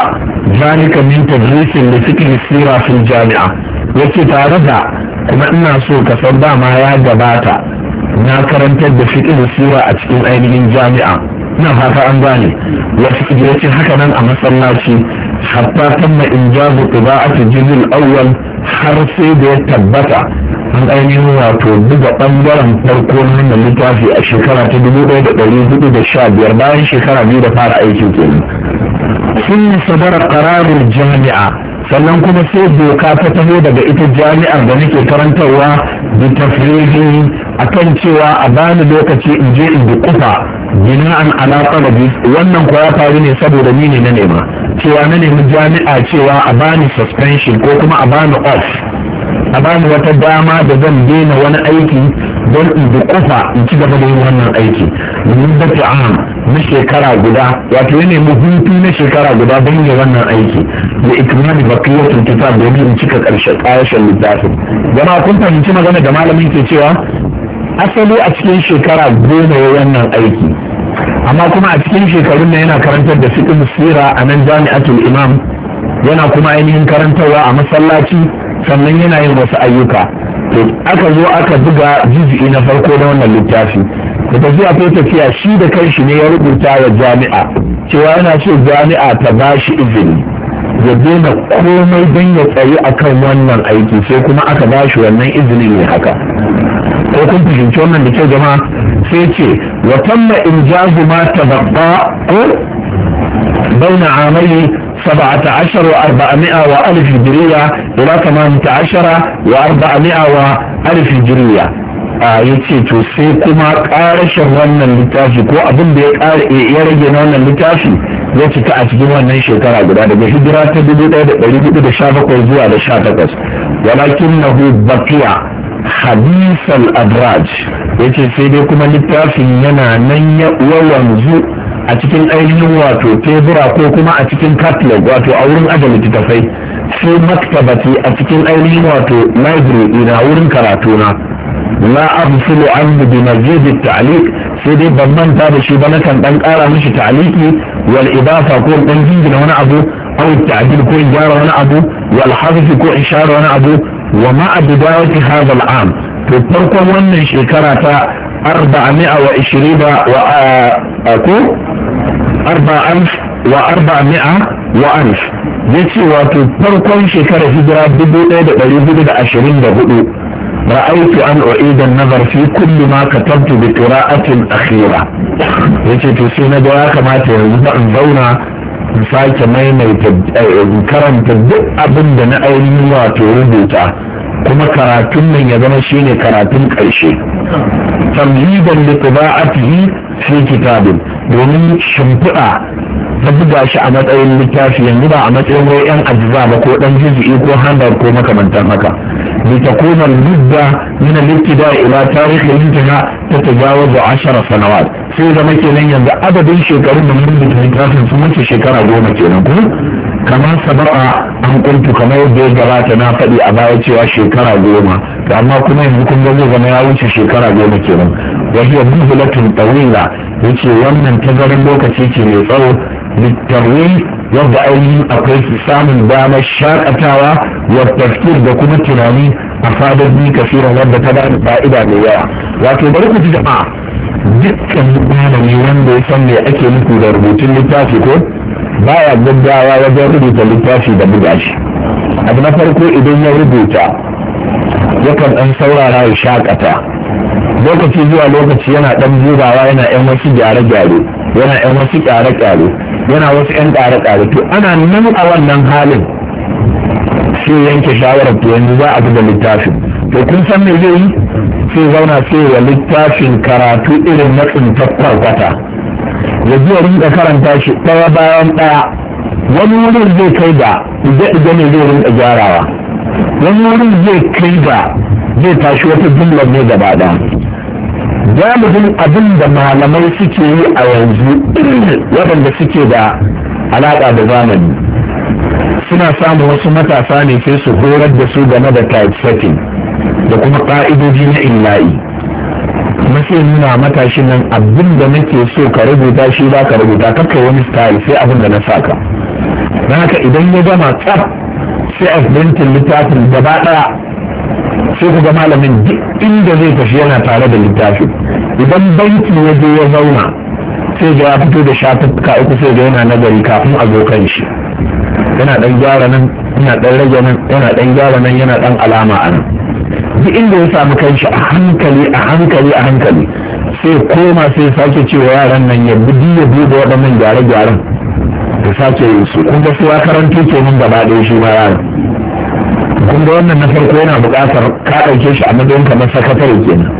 zalika min tadrisin da cikin sira fil jami'a yace tare da kuma ina so ka san dama ya gabata na karantar da fiqh sira a cikin ainihin jami'a na haka an gane wasu yace haka nan a masallaci hatta tamma injabu qira'ati juz'il awwal har sai da ya tabbata an ainihin wato buga bangaren farko na wannan littafi a shekara ta 1415 bayan shekara biyu da fara aikin kenan sun sadarar kararin jami'a sannan kuma sai doka ta taho daga ita jami'ar da nake karantarwa da tafrihi kan cewa a bani lokaci in je in dukufa bina'an da talabi wannan kuwa faru ne saboda ni ne na nema cewa na nemi jami'a cewa a bani suspension ko kuma a bani off a bani wata dama da zan daina wani aiki don in kufa in ci gaba da yin wannan aiki domin da am na shekara guda wato ya nemi hutu na shekara guda don yin wannan aiki da ikimani bakiyatul kitab domin in cika karshe kayashin littafin gama kun fahimci magana da malamin ke cewa asali a cikin shekara goma ya wannan aiki amma kuma a cikin shekarun na yana karantar da fiqh sira a nan jami'atul imam yana kuma ainihin karantarwa a masallaci sannan yana yin wasu ayyuka to aka zo aka buga juz'i na farko na wannan littafi da zuwa ko tafiya shi da kanshi ne ya rubuta wa jami'a cewa yana so jami'a ta ba shi izini ya daina komai don ya tsayi akan wannan aiki sai kuma aka ba shi wannan izini ne haka ko kun fahimci wannan da kyau jama'a sai ce wa tamma injazu ma tabaqqa ko baina amayi سبعة عشر وأربعمائة وألف هجرية إلى ثمانية عشر وأربعمائة وألف هجرية ya ce to sai kuma ƙarashin wannan littafi ko abin da ya rage na wannan littafi ya cika a cikin wannan shekara guda daga hijira ta 1417 zuwa da 18 walakin na hu bakiya hadisal adraj ya ce sai dai kuma littafin yana nan ya a cikin ainihin wato tebura ko kuma a cikin catalog wato a wurin ajiye littattafai fi maktabati a cikin ainihin wato library ina wurin karatu na la absulu an bi mazid ta'liq sai dai ban manta da shi ba nakan dan kara mishi ta'liqi wal idafa ko dan jingina wani abu aw ta'dil ko in gyara wani abu wal ko in share wani abu wa ma'a bidayati hadha al-am to farkon wannan shekara ta 420 wa ko arba wa arba wa alf ya ce wato farkon shekarar hijira dubu ɗaya da ɗari hudu da ashirin da hudu ra'aitu an u'ida nazar fi kulli ma katabtu bi qira'atin akhira yace to sai na ga ya kamata yanzu ba in zauna in sake maimaita eh, karanta duk abin da na ainihin wato rubuta kuma karatun nan ya zama shine karatun ƙarshe tamhidan li qira'atihi fi kitabin domin shimfiɗa ta buga shi a matsayin littafi yanzu ba a matsayin wai yan ajiza ba ko ɗan jiji ko handar ko makamantan haka bi ta koma lidda mina littida ila tarihi lintaka ta tajawaza ashara sanawat sai zama kenan yanzu adadin shekarun da mun rubuta littafin sun wuce shekara goma kenan ko kamar sabar a an kuntu kamar yadda ya gabata na faɗi a baya cewa shekara goma amma kuma yanzu kun zai zama ya wuce shekara goma kenan wa hiya muhlatun tawila yace wannan tazarin lokaci ce mai tsawo litarwi yadda ainihin akwai samun damar shakatawa wa tafkir da kuma tunani a fadar ni kasiran wadda ta bani fa'ida mai yawa wato bari ku ji jama'a dukkan malami wanda ya san me ake nufi da rubutun littafi ko baya gaggawa wajen rubuta littafi da buga shi abu na farko idan ya rubuta yakan ɗan saurara ya shakata lokaci zuwa lokaci yana dan zubawa yana yan wasu gyare-gyare yana yan wasu kyare-kyare yana wasu yan kyare-kyare to ana nan a wannan halin sai yanke shawarar to yanzu za a da littafin to kun san me zai yi sai zauna sai wa littafin karatu irin na tsintattar kwata ya zuwa rinka karanta shi ɗaya bayan ɗaya wani wurin zai kai da ɗige-ɗige ne zai rinka gyarawa wani wurin zai kai da zai tashi wata jumlar ne gaba ɗaya galibin abin da malamai suke yi a yanzu waɗanda suke da alaƙa da zamani suna samu wasu matasa ne sai su horar da su game da typesetting da kuma ƙa'idoji na illa'i kuma sai nuna matashin nan abin da nake so ka rubuta shi ba ka rubuta kakka wani style sai abin da na saka na haka idan ya gama tsaf sai a littafin gaba ɗaya sai ku ga malamin duk inda zai tafi yana tare da littafi idan banki ya je ya zauna sai ga ya fito da shafuka uku sai ga yana nazari kafin a zo kan shi yana dan gyara nan yana dan rage nan yana dan gyara nan yana dan alama a nan duk inda ya samu kanshi a hankali a hankali a hankali sai koma sai sake cewa yaran nan ya biya ya duba waɗannan gyare-gyaren da sake yi su kuma sai ya karanto kenan gaba ɗaya shi ma yaran kun ga wannan na farko yana buƙatar ka ɗauke shi a matsayin kamar sakatare kenan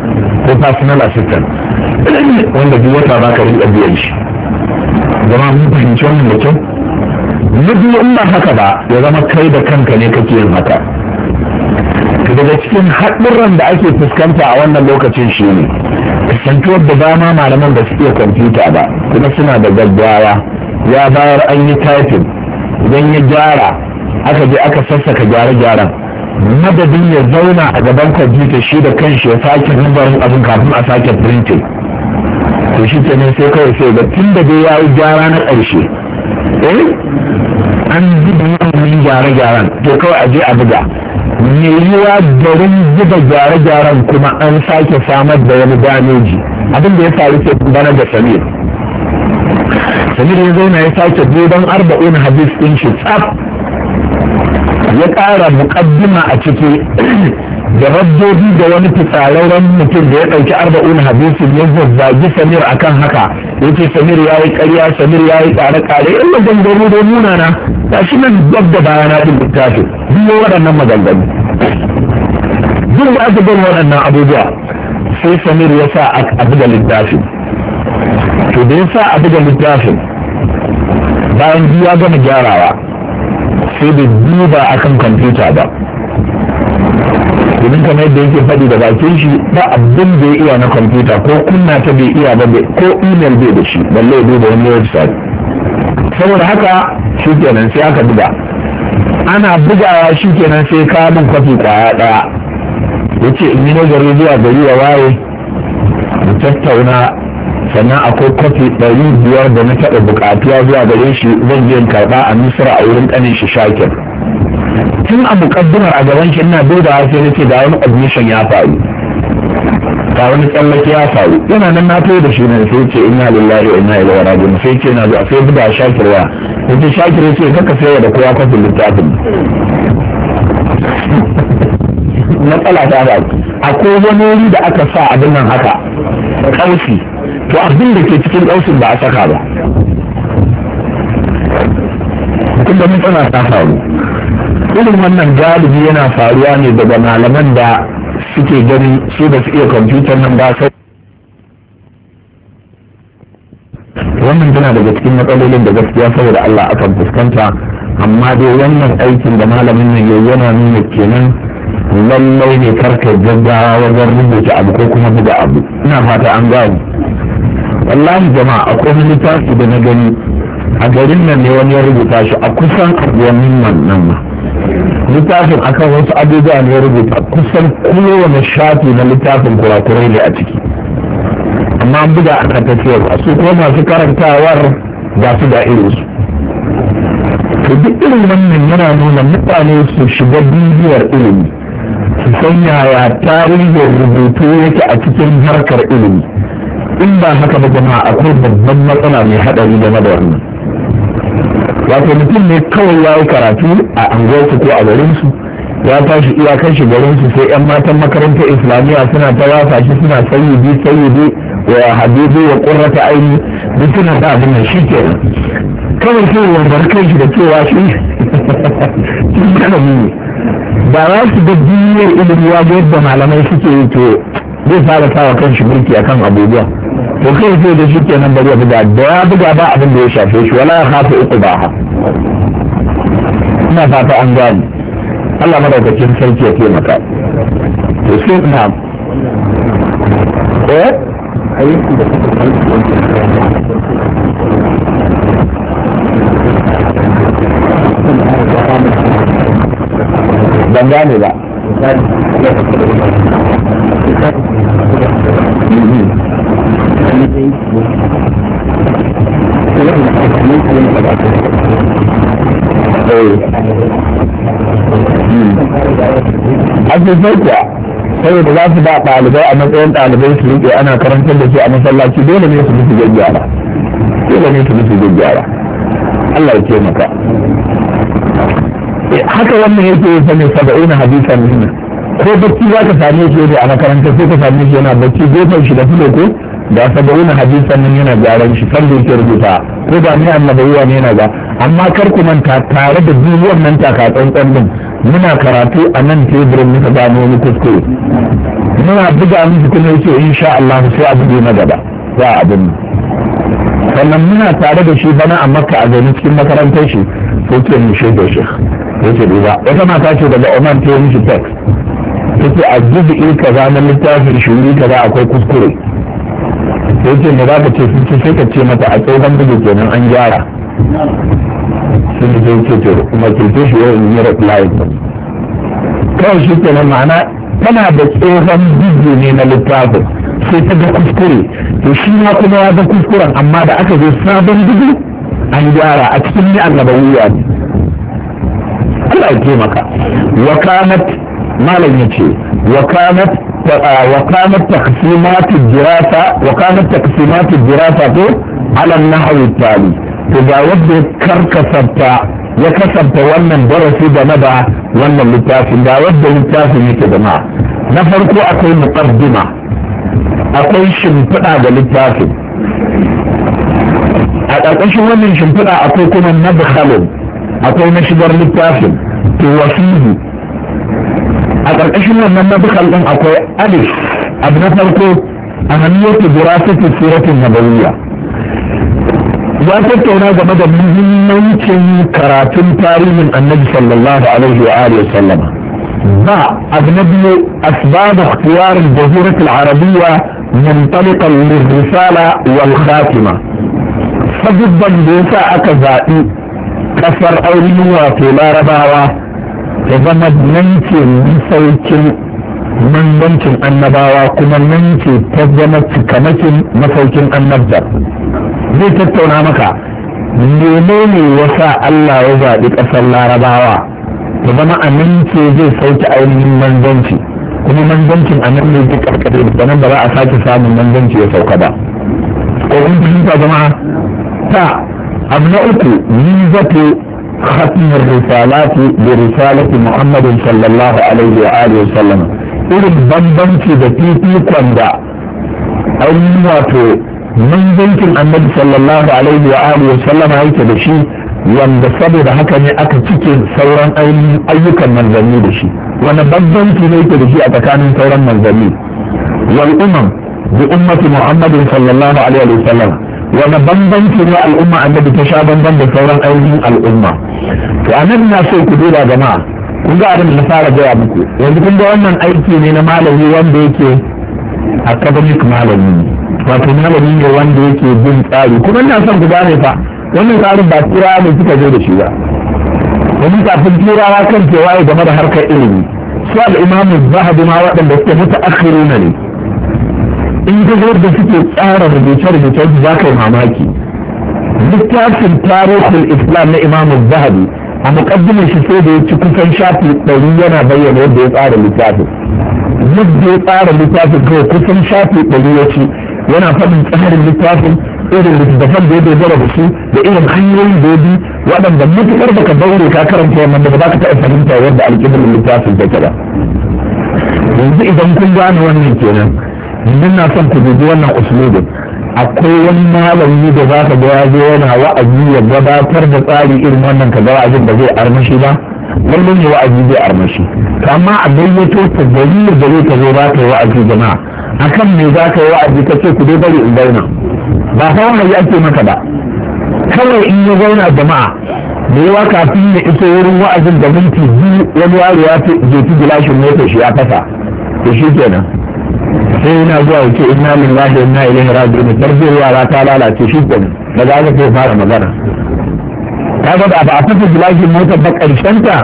ko personal assistant wanda duk wata za ka riƙa biyan shi zama mun fahimci wannan da kyau Ni biyu in ba haka ba ya zama kai da kanka ne kake yin haka daga cikin haɗurran da ake fuskanta a wannan lokacin shi ne kasantuwar da dama malaman da su iya kwamfuta ba kuma suna da gaggawa ya bayar an yi typing idan ya gyara aka je aka sassaka gyare-gyaren madadin ya zauna a gaban kwamfuta shi da kanshi ya sake nubarin abin kafin a sake printing to shi kenan sai kawai sai ga tun da dai ya yi gyara na ƙarshe eh an zuba wannan gyare-gyaren to kawai a je a buga me yiwa garin zuba gyare-gyaren kuma an sake samar da wani dameji abin da ya faru sai bana da samir samir ya zauna ya sake duban arba'in hadis ɗin shi tsaf ya ƙara muƙaddima a ciki da raddodi da wani fitsararren mutum da ya ɗauki arba'un hadisin ya zazzagi samir akan haka ya ce samir ya yi ƙarya samir ya yi ƙare-ƙare yan maganganu da na ga shi nan dab da bayana ɗin littafi biyo waɗannan maganganu duk da aka bin waɗannan abubuwa sai samir ya sa a da littafin to da ya sa a da littafin bayan ya gama gyarawa sai da duba akan kwamfuta ba domin kamar yadda yake faɗi da bakin shi ba abin da ya iya na kwamfuta ko kunna ta bai iya ba ko email bai da shi balle duba wani website saboda haka shi kenan sai aka buga ana bugawa shi kenan sai ka kwafi kwaya ɗaya ya ce in yi nazari zuwa gari wa waye mu tattauna sannan akwai kwafi ɗari biyar da na taɓa buƙatuwa zuwa gare shi zan je karɓa a misra a wurin ƙanin shi shakir tun a muƙaddimar a gaban shi ina dubawa sai nake da wani admission ya faru ga wani tsallake ya faru yana nan na da shi ne sai ce inna lillahi wa inna ilaihi raji'un sai ce na zuwa sai buga shakir wa yace shakir yace kaka sayar da kowa kafin littafin matsala ta ba akwai wani da aka sa abin nan haka ƙarfi. to abin da ke cikin ɗausin ba a saka ba kun da mutana ta faru irin wannan galibi yana faruwa ne daga malaman da suke gani su da su iya kwamfutar nan ba sai wannan tana daga cikin matsalolin da gaskiya saboda Allah akan fuskanta amma dai wannan aikin da malamin nan yayyana yana nuna kenan lallai ne karka gaggawa wajen rubuta abu ko kuma buga abu ina fata an gano wallahi jama'a akwai wani littafi da na gani a garin nan ne wani ya rubuta shi a kusan wannan nan ma littafin akan wasu abubuwa ne ya rubuta kusan kowane shafi na littafin kurakurai ne a ciki amma an buga aka ta cewa su kuma masu karantawar ba su da su, to duk irin wannan yana nuna mutane su shiga bibiyar ilimi su san yaya tarihin rubutu yake a cikin harkar ilimi in ba haka ba jama'a akwai babban matsala mai haɗari game da wannan wato mutum ne kawai ya yi karatu a anguwarsu ko a garinsu ya tashi iyakar shi garinsu sai yan matan makarantar islamiyya suna ta wasa shi suna sayyidi sayyidi wa habibi wa qurrata aini duk suna da abin nan shi ke kawai sai wanzar kan shi da cewa shi shi ne ba za su da duniyar ilimi ya yadda malamai suke yi to zai fara sawa kan shi mulki akan abubuwa to kai zai da shi kenan bari ya buga da ya buga ba abin da ya shafe shi wala ya hafi uku ba ha ina fata an gani Allah madaukakin sarki ya taimaka to sai ina eh ban gane ba mhm. Abin zai saboda za su ba ɗalibai a matsayin ɗalibai su rike ana karantar da su a masallaci dole ne su musu gaggyara dole ne su musu gaggyara Allah ya ce maka haka wannan yake yi sanin saba'in hadisan nuna ko bacci za ka same shi yadda a makarantar sai ka same shi yana bacci gefen shi da fulo ko da saba'una hadisan nan yana gyaran shi kan da yake rubuta ko ba ni annabawa ne yana ba amma kar ku manta tare da duk wannan takatsantsan din muna karatu a nan teburin muka gano wani kuskure muna buga musu kuma yake insha Allah sai a ne na gaba za a abin sannan muna tare da shi bana a makka a gani cikin makarantar shi ko ke mu da shi yake duba wata mata ce daga Oman ta yi mishi text take a juzu'i kaza na littafin shuri kaza akwai kuskure da yake ne za ka ce sun ce sai ka ce mata a tsohon bugu kenan an gyara sun ce ce to kuma ce shi yau rafi yi ba kawai shi ke nan ma'ana tana da tsohon bugu ne na littafin sai ta ga kuskure to shi ma kuma ya ga kuskuren amma da aka zo sabon bugu an gyara a cikin ni wuya ne Allah ya taimaka wa kanat malam ya ce wa kanat وقام تقسيمات الدراسة وقام تقسيمات الدراسة على النحو التالي إذا ود كركسبت يكسبت وانا درس إذا ندع وانا لتاس إذا ود لتاس ما نفرك أقول مقدمة أقول شمتنا لتاس أقول شمتنا أقول كنا ندخل أقول نشدر لتاس توفيه اگر احنا من ندخل ان اقوى الف ابن فرقو اهمية دراسة السورة النبوية وقت تونا جمد من نوچن كراتن تاريخ النبي صلى الله عليه وآله وسلم أنا أقول اسباب اختيار الجزيرة العربية منطلقا للرسالة والخاتمة فجدا بوسا اكذائي كفر اولي وفي لا رباوه ya zama nan ke masaukin mangancin annabawa kuma nan ke ta zama cikamakin masaukin annabda zai tattauna maka nemo ne wasa Allah ya zaɓi ƙasar larabawa ya zama a nan ke zai sauki ainihin manzanci kuma mangancin a nan ne zai karkare da nan ba za a sake samun manzanci ya sauka ba ko kun fahimta jama'a ta abu na uku ni zato ختم الرسالات برسالة محمد صلى الله عليه وآله وسلم irin bambanci da fifikon da wato manzancin annabi sallallahu alaihi wa alihi yake da shi wanda saboda haka ne aka cike sauran ayyukan manzanni da shi wani bambanci ne yake da a tsakanin sauran manzanni wal umam bi muhammadin sallallahu alaihi wa sallam wani bambanci ne al'umma annabi ta sha bamban da sauran ainihin al'umma to annabi na so ku duba jama'a kun ga abin da fara gaya muku yanzu kun ga wannan aiki ne na malami wanda yake academic malami wato malami ne wanda yake bin tsari kuma ina son ku gane fa wannan tsarin ba turawa ne suka zo da shi ba Wani kafin turawa kan cewa game da harkar ilimi su al'imamu zahabi ma waɗanda suke mutu akhiruna ne in ga yadda suke tsara rubuce-rubuce za ka yi mamaki littafin tarihul islam na imam zahabi a muƙaddimin shi sai da ya ci kusan shafi ɗari yana bayyana yadda ya tsara littafin yadda ya tsara littafin kawai kusan shafi ɗari ya ci yana faɗin tsarin littafin irin littattafan da ya dogara da su da irin hanyoyin da ya bi waɗanda ka baka daure ka karanta yamma da ba za ka taɓa fahimta yadda alƙibin littafin take ba yanzu idan kun gane wannan kenan duk na son ku dubi wannan usulubin akwai wani malami da za ka ga ya zo yana wa'azi ya gabatar da tsari irin wannan ka ga wa'azin da zai armashi ba lallai ne wa'azi zai armashi amma a gayyato ta gari da zai ka zo za ka yi wa'azi jama'a akan me za ka yi wa'azi ka ce ku dai bari in zauna ba fa wani ake maka ba kawai in ya zauna jama'a da yawa kafin ya iso wurin wa'azin da minti biyu wani wari ya je ci gilashin motar shi ya fasa to shi kenan sai yana zuwa yake inna lillahi wa inna ilaihi raji'un tarbiyyar yara ta lalace shi ko da za ka sai fara magana kaga da ba a fasa gilashin motar ba karshen ta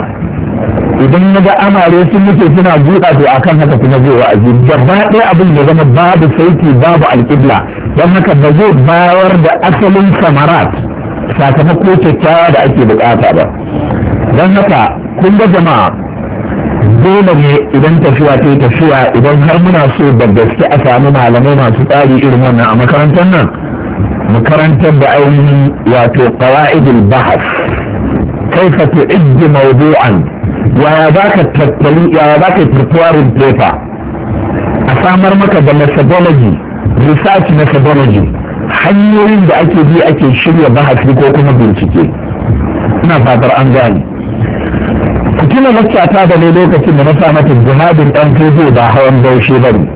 idan na ga amare sun mutu suna buɗa to akan haka kuma zai wa'azi gaba ɗaya abin da zama babu sauki babu alƙibla don haka ba zai bayar da asalin samarat sakamako kyakkyawa da ake bukata ba don haka kun ga jama'a dole ne idan tafiya ta tafiya idan har muna so da gaske a samu malamai masu tsari irin wannan a makarantar nan makarantar da ainihin wato qawaidul bahas kaifa tu'iddu mawdu'an yaya ka tattali yaya baka preparing paper a samar maka da methodology research methodology hanyoyin da ake bi ake shirya bahasi ko kuma bincike ina fatar an gane ku tuna da ne lokacin da na sa mata jihadin ɗan tozo ba hawan gaushe ba ne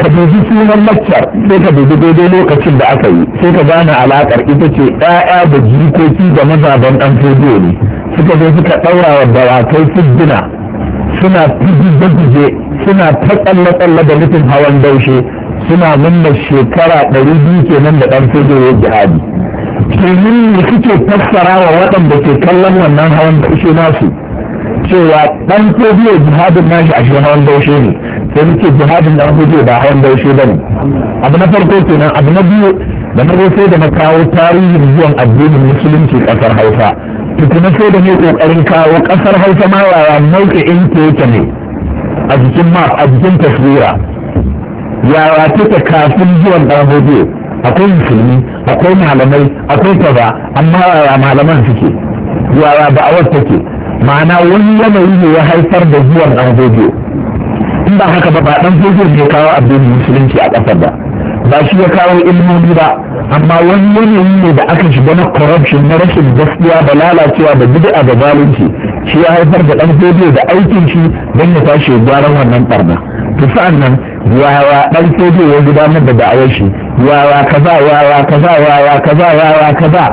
ka dubi sunan lakcar sai ka dubi daidai lokacin da aka yi sai ka gane alakar ita ce ɗaya da jikoki da mazaban dan tozo ne suka zo suka ɗaura wa dawakai fudduna suna fijije suna ta tsalle-tsalle da nufin hawan daushe suna nuna shekara ɗari biyu kenan da ɗan tozo ya jihadi domin ne suke fassara wa waɗanda ke kallon wannan hawan daushe nasu cewa dan biyo jihadin nashi a shi hawan daushe ne sai muke jihadin da kodiyo ba hawan daushe ba ne abu na farko kenan abu na biyu da na sai da na kawo tarihin zuwan addinin musulunci kasar hausa tukuna sai da ne kokarin kawo kasar hausa ma yaya nau'i'in ke ne a jikin map a jikin taswira yaya take kafin zuwan dan kodiyo akwai musulmi akwai malamai akwai kaza amma yaya malaman suke yaya da'awar take ma'ana wani yanayi ne ya haifar da zuwan ɗan gobe in ba haka ba ba ɗan gobe ne ya kawo addinin musulunci a ƙasar ba ba shi ya kawo ilmomi ba amma wani yanayi ne da aka shiga na corruption na rashin gaskiya da lalacewa da bid'a da zalunci shi ya haifar da ɗan gobe da aikin shi don ya tashi gyaran wannan ɓarna to sa'an nan wawa ɗan gobe ya gudanar da da'awar shi wawa kaza wawa kaza wawa kaza wawa kaza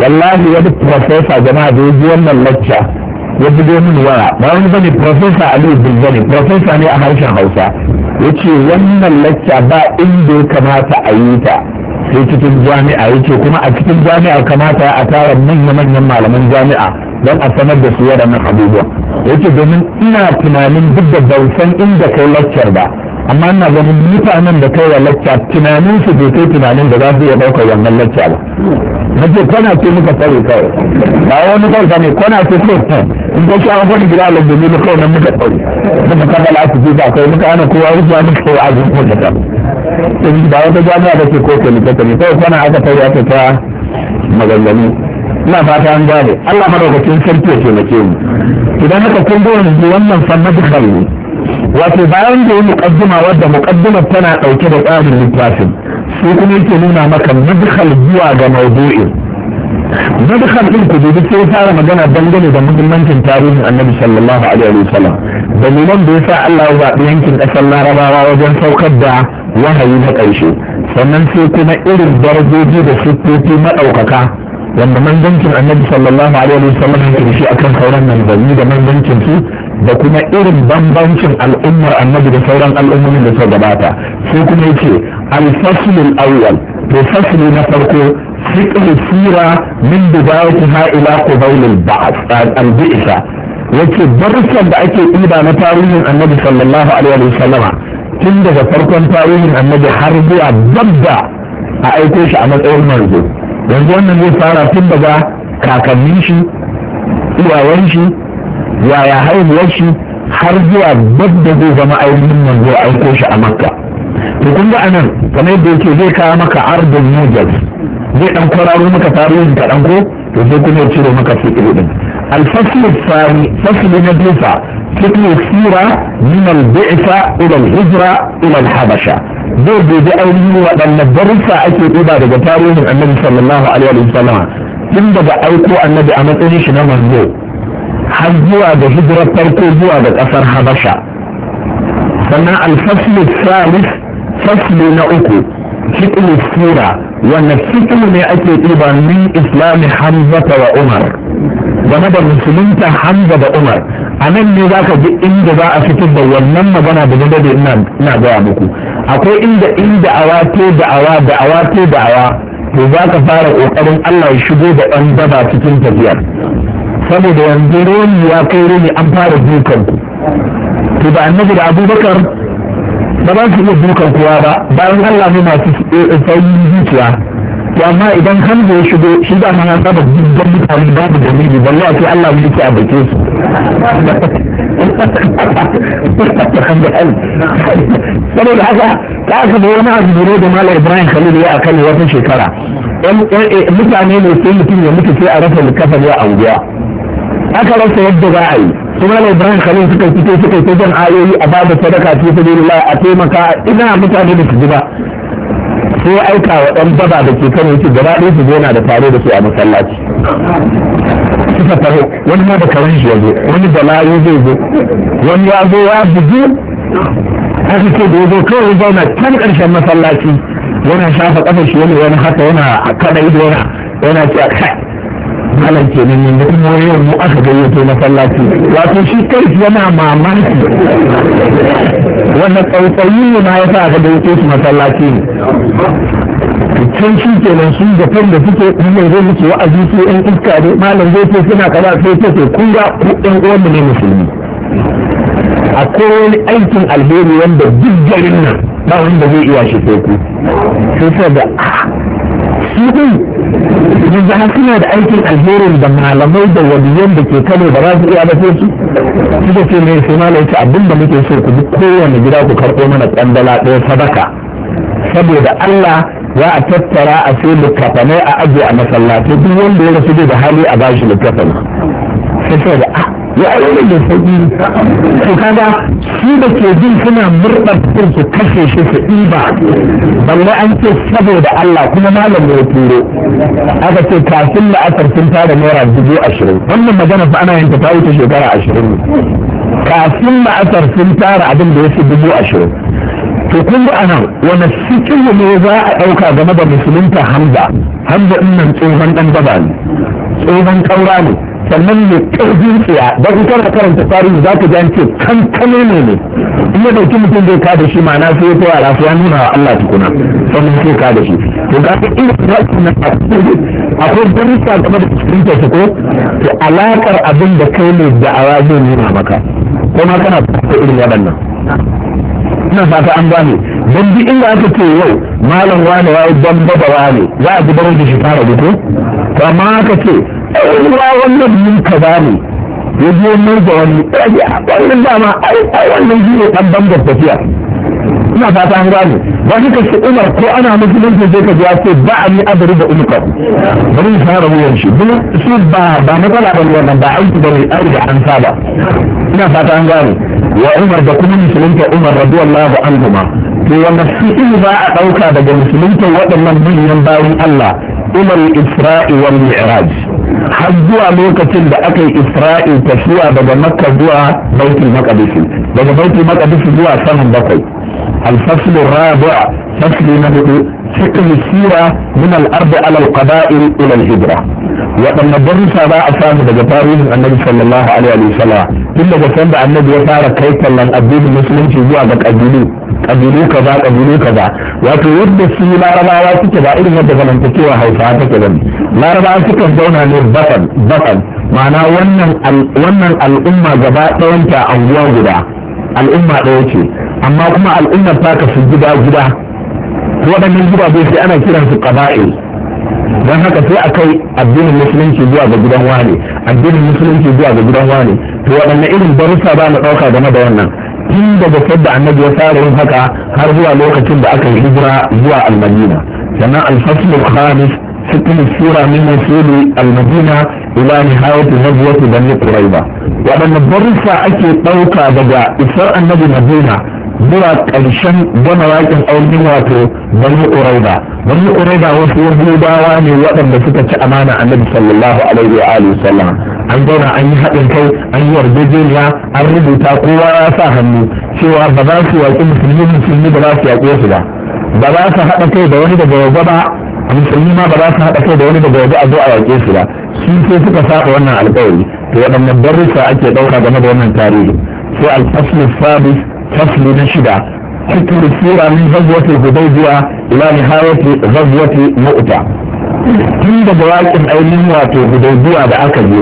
wallahi wani profesa jama'a da ya ji wannan lacca ya bugo min waya ba wani bane professor Aliyu Bilbani professor ne a harshen Hausa yace wannan lacca ba inda ya kamata a yi ta sai cikin jami'a yace kuma a cikin jami'a kamata a tara manya-manyan malaman jami'a don a sanar da su waɗannan abubuwa yace domin ina tunanin duk da ban inda kai laccar ba amma ina ganin mutanen da kai wa lacca tunanin su bai kai tunanin da za su iya ɗaukar wannan lacca ba na ce kwana ce muka tsare kawai ba wani kawai ne kwana ce kawai in dai kyawun wani gida alam da zai kawai nan muka ɗauri muka kama al'asu ba kai muka ana kowa rufuwa muka kawai a zuwa muka kama sai ba wata jami'a da ke koke littattafi kawai kwana aka tsaye aka ta maganganu ina fata an gane Allah madaukakin sarki ya taimake mu idan haka kun ga yanzu wannan fannin dukkan ne wato bayan da yi muƙaddima wadda muƙaddimar tana ɗauke da tsarin littafin su kuma yake nuna maka madkhal zuwa ga maudu'in madkhal din ku dubi sai fara magana dangane da muhimmancin tarihin annabi sallallahu alaihi wa sallam dalilan da sa Allah ya zaɓi yankin ƙasar larabawa wajen saukar da wahayi na ƙarshe sannan sai kuma irin darajoji da siffofi maɗaukaka wanda manzancin annabi sallallahu alaihi wa sallam ya shi akan sauran manzanni da manzancin su da kuma irin bambancin al'ummar annabi da sauran al'ummomin da suka gabata sai kuma yace al faslul awwal to fasli na farko fiqh sura min bidayatiha ila qawl al-ba'th yace darussan da ake ɗiba na tarihin annabi sallallahu alaihi wa sallama tun daga farkon tarihin annabi har zuwa dabda a aiko shi a matsayin manzo yanzu wannan zai fara tun daga kakannin shi iyayen shi yaya haihuwar shi har zuwa dabda zai zama ainihin manzo aiko shi a makka to kun ga anan kamar yadda yake zai kawo maka ardun mujaz zai dan kwararo maka tarihin kaɗan ko to sai kun ya cire maka fi'il din الفصل الثاني فصل نبيفة فصل السيرة من البعثة إلى الهجرة إلى habasha zai gobe ainihi waɗannan darussa ake ɗiba daga tarihin annabi sallallahu alaihi wa sallam tun daga aiko annabi a matsayin shi na manzo har zuwa da hijirar farko zuwa da ƙasar habasha sannan alfaslu salis fasli na uku fiƙin sura wannan fiƙin ne ake ɗiba min islami hamzata wa umar game da musulunta hamza da umar a nan ne za ka ji inda za a fitar da wannan magana da na da ina gaya muku akwai inda inda awa te da'awa da'awa te da'awa to za ka fara ƙoƙarin allah ya shigo da ɗan daba cikin tafiyar saboda yanzu roni ya kai roni an fara dukan ku to da annabi da abubakar ba za su iya dukan kowa ba bayan Allah ne masu sauyin zuciya to amma idan hamza ya shigo shi da mana saba dubban mutane babu dalili balle sai Allah ne yake a bake su saboda haka ta aka da wani abu da Malam Ibrahim Khalil ya akan wata shekara mutane ne sai mutum ya mutu sai a rasa likafar ya a wuya aka rasa yadda za a yi su mala ibrahim khalil suka fito suka yi jan ayoyi a babu sadaka fi sabilillah a taimaka ina mutane da su ji ba sai aika wa ɗan baba da ke kan yake gaba ɗaya su zo na da tare da su a masallaci suka faro wani ma da karan shi yazo wani da layu zai zo wani ya zo ya bugu a ce da ya zo kawai zauna can ƙarshen masallaci yana shafa ƙafar shi wani wani haka yana kaɗa ido yana yana ce malam kenan yanzu kuma yau mu aka gayyato masallaci wato shi kai yana mamaki wanda tsautsayi ne ma yasa aka gayyato su masallaci ne can shi kenan su japan da suke mai zai muke wa'azi su yan iska ne malam zai ce suna kaza sai ta ce kun ga ɗan uwanmu ne musulmi a wani aikin alheri wanda duk garin nan ba wanda zai iya shi sai ku sai da shi ne yanzu suna da aikin alherin da malamai da waliyan da ke kano ba za su iya ba su suka ce mai sai mala ya ce abin da muke so ku bi kowane gida ku karɓo mana tsandala ɗaya sadaka saboda Allah za a tattara a sai littafanai a ajiye a masallatai duk wanda ya rasu da hali a bashi littafin sai sai da ah ya aure da sauƙi su kaga su da ke jin suna murɗar sun su kashe shi su ɗiba balle an ce saboda Allah kuma malam ya turo aka ce kafin da asar sun tara naira dubu ashirin wannan magana fa ana yin ta wuce shekara ashirin kafin da asar sun tara abin da ya fi dubu ashirin to kun ga ana wani sikiru ne za a ɗauka game da musulunta hamza hamza ɗin nan tsohon ɗan gaba ne tsohon ƙaura ne sannan mai ƙarfin tsaya Ba su kana karanta tarihi za ka jan an ce kankane ne ne in ya dauki mutum zai ka da shi ma'ana sai ya kowa sai ya nuna wa Allah tukuna sannan sai ka da shi to ga ka ina za ku na akwai barista game da cikin ta ko to alakar abin da kai ne da awa zai nuna maka ko ma kana fata irin nan. ina fata an gane don duk inda aka ce yau malam wane wani don babawa ne za a ji da shi fara gudu to amma aka ce ɗaurin ma wannan mun ka ba ne ya je mai da wani ɗage a wannan dama ai ai wannan shi ne ɗan bangar tafiya ina fata an gane ba shi kashe umar ko ana musulunci sai ka ji ce ba a ni adari da umar bari mu fara wuyan shi su ba ba matsala ba ne wannan ba aiki ba ne an riga an saba ina fata an gane wa umar da kuma musulunta umar radiyallahu anhu ma to wanda fi'il ba a ɗauka daga musulunta waɗannan manyan bayan Allah umar isra'i wal mi'raj har zuwa lokacin da aka yi isra'il tafiya daga makka zuwa baitul maqdis daga baitul maqdis zuwa saman bakwai الفصل الرابع فصل نبي فقه السيرة من الأرض على القبائل إلى الهجرة وأن الدرس هذا أصاب بجبارين النبي صلى الله عليه وسلم إلا جسد النبي يسار كيف لن أبدي المسلم في جوابك أجلي أجلي كذا أجلي كذا وتود السيرة رباواتك كذا إلا جسد أن تكيوها هيفاتك لن laraba sukan zauna ne bakan bakan ma'ana wannan al'umma gaba ɗayanta a anguwa guda al'umma ɗaya ce amma kuma al'ummar ta kasu gida gida waɗannan gidaje sai ana su ƙaba'i don haka sai a kai addinin musulunci zuwa ga gidan wane addinin musulunci zuwa ga gidan wane to waɗanne irin darussa ba na ɗauka game da wannan tun daga sadda annabi ya fara yin haka har zuwa lokacin da aka yi hijira zuwa almadina sannan alfaslul khamis cikin sura min musuli al-madina ila nihayati nazwati bani quraiba wadanne darussa ake dauka daga isar annabi madina zuwa ƙarshen gama yakin auren wato bani quraiba bani quraiba wasu yahudawa ne waɗanda suka ci amana annabi sallallahu alaihi wa alihi wasallam an zauna an yi haɗin kai an yi yarjejeniya an rubuta kowa ya sa hannu cewa ba za su yaƙi musulmi musulmi ba za su yaƙi wasu ba ba za su haɗa kai da wani daga ba musulmi ma ba za su haɗa kai da wani daga waje a zo a yaƙe su ba shi sai suka saba wannan alƙawari to waɗannan darussa ake ɗauka game da wannan tarihi sai alfaslu sabis fasli na shida cikin sura min ghazwati hudaybiya ila nihayati zazwati mu'ta tun daga yaƙin ainihin wato hudaybiya da aka je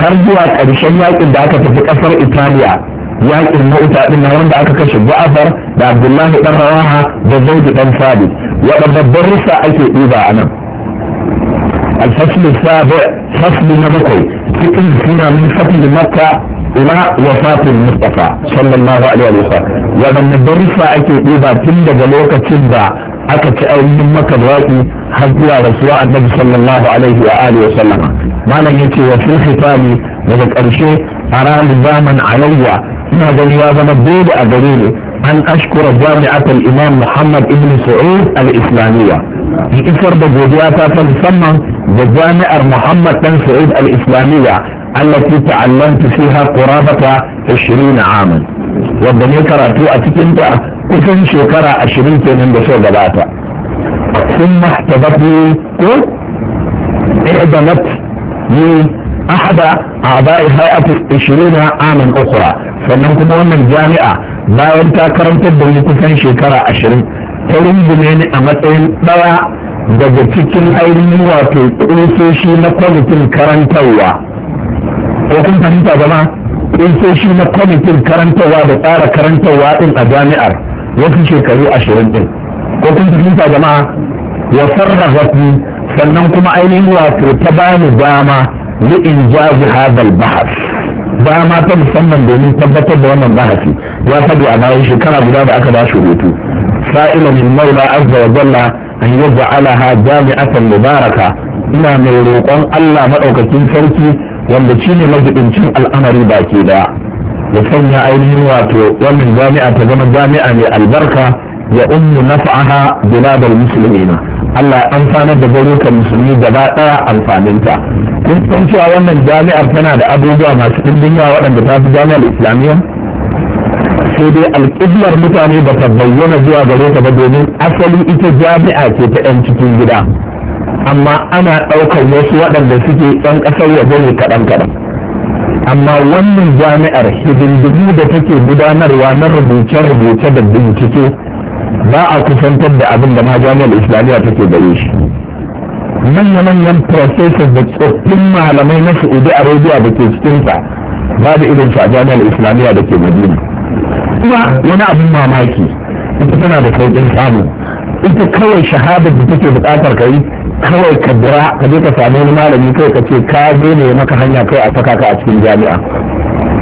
har zuwa ƙarshen yaƙin da aka tafi ƙasar italiya yaƙin mauta ɗin na wanda aka kashe bu'afar da abdullahi ɗan rawaha da zaidu ɗan sabi waɗanda barisa ake ɗiba a nan alfasli sabi na bakwai cikin suna min fasli makka ila wafatin mustafa sallallahu alaihi wa sallam waɗanda barisa ake ɗiba tun daga lokacin da aka ci ainihin maka zaƙi har zuwa rasuwa annabi sallallahu alaihi wa alihi wa sallama malam yace wa fil daga ƙarshe a ranar zaman alayya ماذا ليعظم الدين الدليل أن أشكر جامعة الإمام محمد بن سعود الإسلامية يكسر بجوديات تسمى بجامعة محمد بن سعود الإسلامية التي تعلمت فيها قرابة 20 عاما والدليل كراتو أتكنت كفن شكرا 20 من بسوء دلاتة ثم احتضتني اعدمت من احد اعضاء هيئة 20 عاما اخرى sannan kuma wannan jami'a bayan ta karantar da ni kusan shekara ashirin ta rungume ni a matsayin ɗaya daga cikin ainihin wato ƙusoshi na kwamitin karantarwa ko kun fahimta zama ƙusoshi na kwamitin karantarwa da tsara karantarwa ɗin a jami'ar wasu shekaru ashirin ɗin ko kun fahimta zama ya sarrafa sannan kuma ainihin wato ta bani dama li in jazi hadal bahas ma ta musamman domin tabbatar da wannan bahasi ya faɗi a bayan shekara guda da aka ba shi hutu sa'ila min maula azza wa jalla an yaj'alaha jami'atan mubaraka ina mai roƙon Allah madaukakin sarki wanda shine majibincin al'amari ke da ya sanya ainihin wato wannan jami'a ta zama jami'a mai albarka ya ummu naf'aha bilad al Allah an amfanar da garurukan musulmi gaba ɗaya amfaninta kun san cewa wannan jami'ar tana da abubuwa masu ɗimbin yawa waɗanda ta fi jami'ar islamiyya sai dai alƙiblar mutane ba ta bayyana zuwa gare ta ba domin asali ita jami'a ce ta 'yan cikin gida amma ana ɗaukar wasu waɗanda suke ɗan ƙasar waje ne kaɗan-kaɗan amma wannan jami'ar hidindimu da take gudanarwa na rubuce-rubuce da bincike ba a kusantar da abin da ma jami'ar islamiyya take gare shi manya-manyan professors da tsoffin malamai na saudi arabia da ke cikinsa babu irin su a jami'ar islamiyya da ke madina kuma wani abin mamaki ita tana da sauƙin samu ita kawai shahada da take buƙatar ka yi kawai ka bira ka je ka sami wani malami kai ka ce ka zo ne maka hanya kai a saka ka a cikin jami'a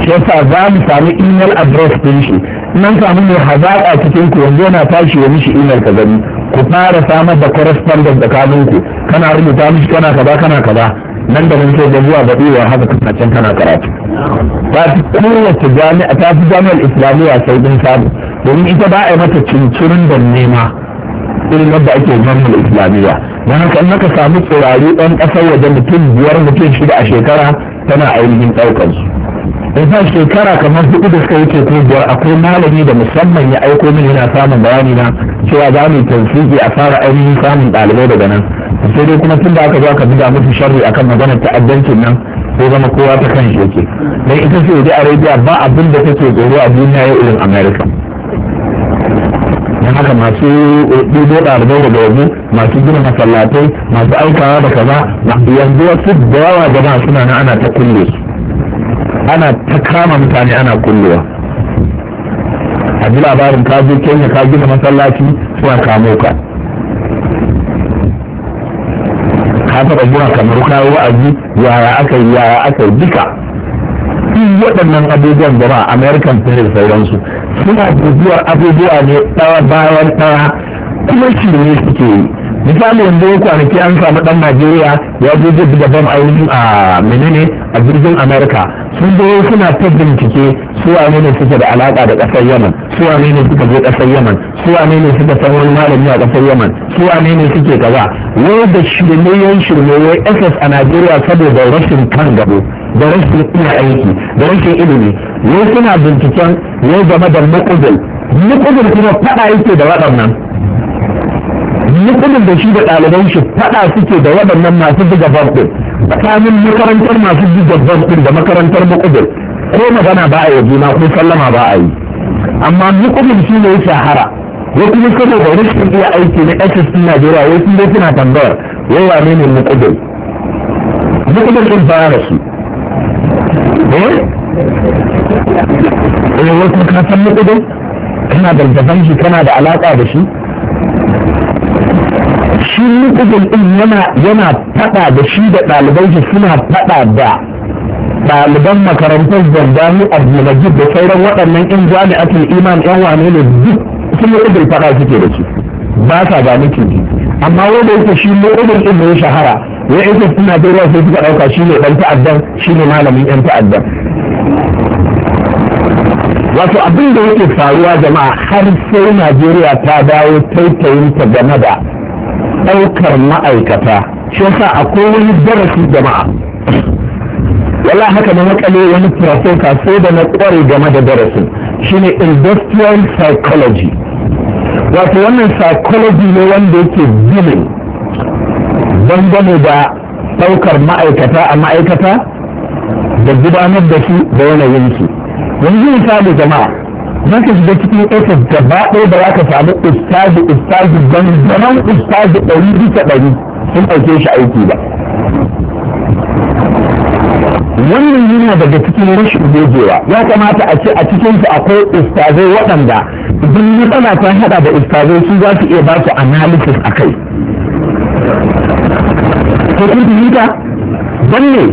shi za mu sami email address din shi nan samu ne hazaƙa cikin ku yanzu yana tashi ya mishi email ka gani ku fara samar da correspondence tsakanin ku kana rubuta mishi kana kaza kana kaza nan da mun so da zuwa baɗewa haka kana can kana karatu ta kowace jami'a ta fi jami'ar islamiyya sai din samu domin ita ba a mata cincirin da nema irin yadda ake jami'ar islamiyya don haka in naka samu tsirari ɗan ƙasar waje mutum biyar mutum shida a shekara tana ainihin ɗaukar su yasa shekara kamar hudu da suka wuce ko biyar akwai malami da musamman ya aiko min yana samun bayani na cewa za mu tafsiri a fara ainihin samun ɗalibai daga nan sai dai kuma tunda aka zo aka buga musu sharri akan maganar ta'addancin nan ko zama kowa ta kan shi yake dan ita ce da Arabia ba abin da take tsoro a duniya ya irin America don haka masu eh, dubo ɗalibai daga yanzu masu gina masallatai masu aikawa da kaza yanzu wasu da yawa jama'a suna na ana ta kulle su ana ta kama mutane ana kullewa a ji labarin ka zo kenya ka gina masallaci suna kamo ka ka taba gina kamar kawo a ji yaya aka yi yaya aka yi duka waɗannan abubuwan jama'a american da sauransu suna guguwar abubuwa ne ɗaya bayan ɗaya kuma shi ne suke yi misali yanzu ya kwanaki an samu dan najeriya ya je jirgin da ainihin a menene a jirgin amerika sun zo suna ta bincike su wane ne suke da alaka da kasar yaman su wane ne suka je kasar yaman su wane ne suka san wani malami a kasar yaman su wane ne suke kaza wai da shirmeyen shirmeyen ss a najeriya saboda rashin kan gabo da rashin ina aiki da rashin ilimi wai suna binciken wai game da mukudul mukudul kuma fada yake da waɗannan nukudin da shi da ɗaliban shi faɗa suke da waɗannan masu buga barɗin tsakanin makarantar masu buga barɗin da makarantar mukudin ko magana ba a yi juna ko sallama ba a yi amma nukudin shi ne shahara ya kuma saboda rashin iya aiki na ss najeriya ya kuma suna tambayar wai ne ne mukudin mukudin ɗin ba rasu eh? eh wasu ka san mukudin kana da shi kana da alaƙa da shi shi nukudin din yana yana fada da shi da ɗaliban shi suna fada da ɗaliban makarantar zardani abdulmajid da sauran waɗannan in jami'atul iman yan wane ne duk sun nukudin fada suke da shi ba sa gane kiji amma wanda yake shi nukudin din ne shahara ya yake suna da sai suka ɗauka shi ne ɗan ta'addan shi ne malamin yan ta'addan wato abin da yake faruwa jama'a har sai najeriya ta dawo taitayinta game da ɗaukar ma'aikata shi yasa akwai wani darasi jama'a wala haka na makale wani profesa sai da na ƙware game da darasin shine industrial psychology wato wannan psychology ne wanda yake ginin dangane da ɗaukar ma'aikata a ma'aikata da gudanar da su da yanayinsu yanzu misali jama'a za ka shiga cikin ofis gaba ɗaya da za ka samu ustazi ustazi don zaman ustazi ɗari bisa ɗari sun ɗauke shi aiki ba wannan yana daga cikin rashin gogewa ya kamata a ce a cikin su akwai ustazai waɗanda idan matsala ta haɗa da ustazai su za su iya ba su analysis a kai ko kun fahimta don ne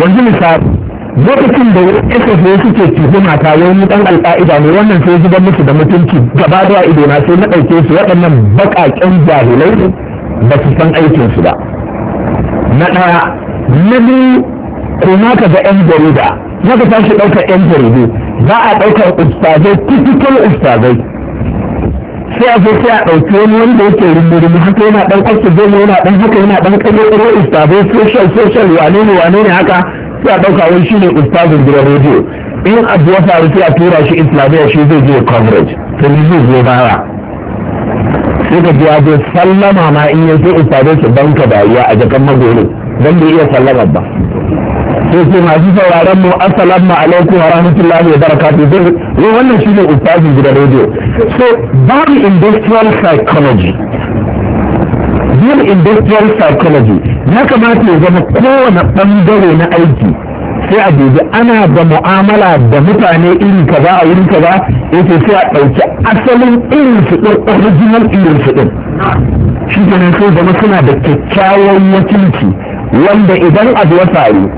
yanzu misali lokacin da yake zo suke tuhu mata yau ni dan alƙa'ida ne wannan sai zuba musu da mutunci gaba da ido na sai na ɗauke su waɗannan baƙaƙen jahilai ba su san aikin su ba na ɗaya na biyu kuma ka ga yan jarida na ka tashi ɗaukar yan jaridu za a ɗaukar ustazai typical ustazai sai a zo sai a ɗauki wani wanda yake rumurumi haka yana ɗan ƙasa zai yana ɗan haka yana ɗan ƙarfi ƙarfi ustazai social social wane ne wane ne haka sai a ɗauka wani shine ustazin gidan rediyo in a ya faru sai a tura shi islamiyya shi zai je coverage to ni zai zo baya sai ka ji ya sallama ma in ya ustazin su banka dariya a jakan magoro don bai iya sallama ba sai sai masu sauraron mu assalamu alaikum wa rahmatullahi wa barakatuh zai wannan shine ustazin gidan rediyo so babu industrial psychology yin industrial psychology ya kamata ya zama kowane ɓangare na aiki sai a dubi ana da mu'amala da mutane irin kaza a wurin kaza yace sai a ɗauki asalin irin su ɗin original irin su ɗin shi kenan sai zama suna da kyakkyawan wakilci wanda idan abu ya faru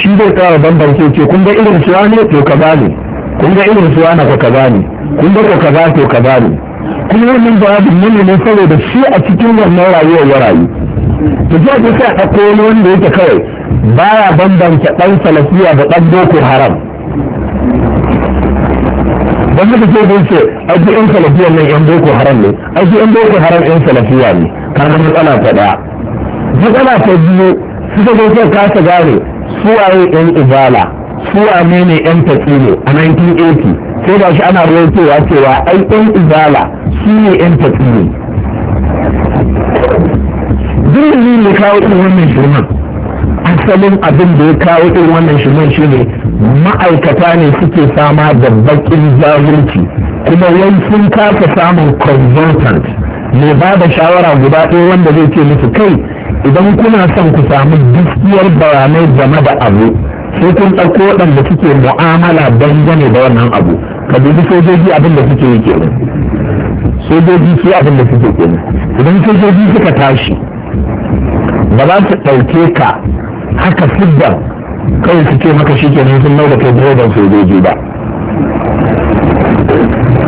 shi zai tsara bambance ce kun ga irin suwa ne to kaza ne kun ga irin suwa na ko kaza ne kun ga ko kaza to kaza ne kuma wannan jawabin nan ne saboda shi a cikin wannan rayuwar ya rayu to ji ake sai a ɗauko wani wanda yake kawai baya bambanta dan salafiya da dan boko haram don haka sai dai ce aji yan salafiya ne yan boko haram ne aji yan boko haram yan salafiya ne kamar matsala ta ɗaya matsala ta biyu suka zo sai kasa gane su suwaye yan ibala suwane ne yan tafi ne a 1980 sai ba shi ana rawaitowa cewa ai yan ibala shi ne yan tafiye zai ne kawo irin wannan shirman asalin abin da ya kawo irin wannan shirman shi ne ma'aikata ne suke sama da bakin zalunci kuma wai sun kasa samun consultant mai ba da shawara guda ɗaya wanda zai ce musu kai idan kuna son ku samu gaskiyar bayanai game da abu sai kun ɗauko waɗanda suke mu'amala dangane da wannan abu ka dubi sojoji abin da suke yi kenan sojoji su abin da suke kenan idan sojoji suka tashi ba za su ɗauke ka haka siddan kawai su ce maka shi kenan sun mai da kai direban sojoji ba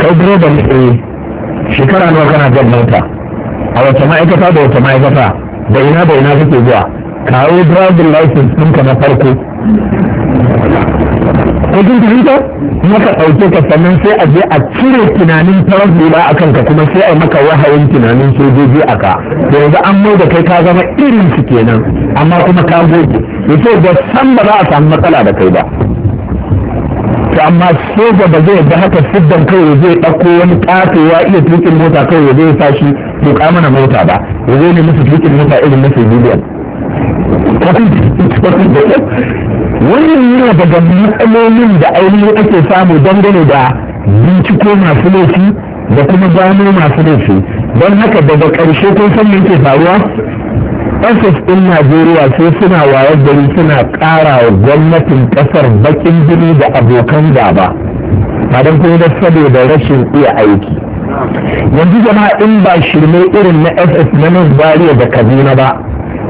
kai direban ne eh, shekara nawa kana jan mota a wata ma'aikata da wata ma'aikata da ina da ina kake zuwa kawo driving license ɗinka na farko ko kin fahimta maka ɗauke ka sannan sai a je a cire tunanin farar hula a kanka kuma sai a maka wahayin tunanin sojoji a ka da yanzu an mai da kai ka zama irin su kenan amma kuma ka goge yace da san ba za a samu matsala da kai ba to amma soja ba zai yadda haka siddan kawai zai ɗauko wani ƙato ya iya tukin mota kawai ya zai sa shi tuƙa mana mota ba ya zai ne musu tukin mota irin na civilian wannan yana daga matsalolin da ainihin ake samu dangane da binciko masu laifi da kuma gano masu laifi don haka daga ƙarshe kun san ke faruwa ƙasas ɗin najeriya sai suna wayar gari suna ƙara wa gwamnatin ƙasar baƙin jini da abokan gaba ba don kuma da saboda rashin iya aiki yanzu jama'a in ba shirme irin na ss na nan da kaduna ba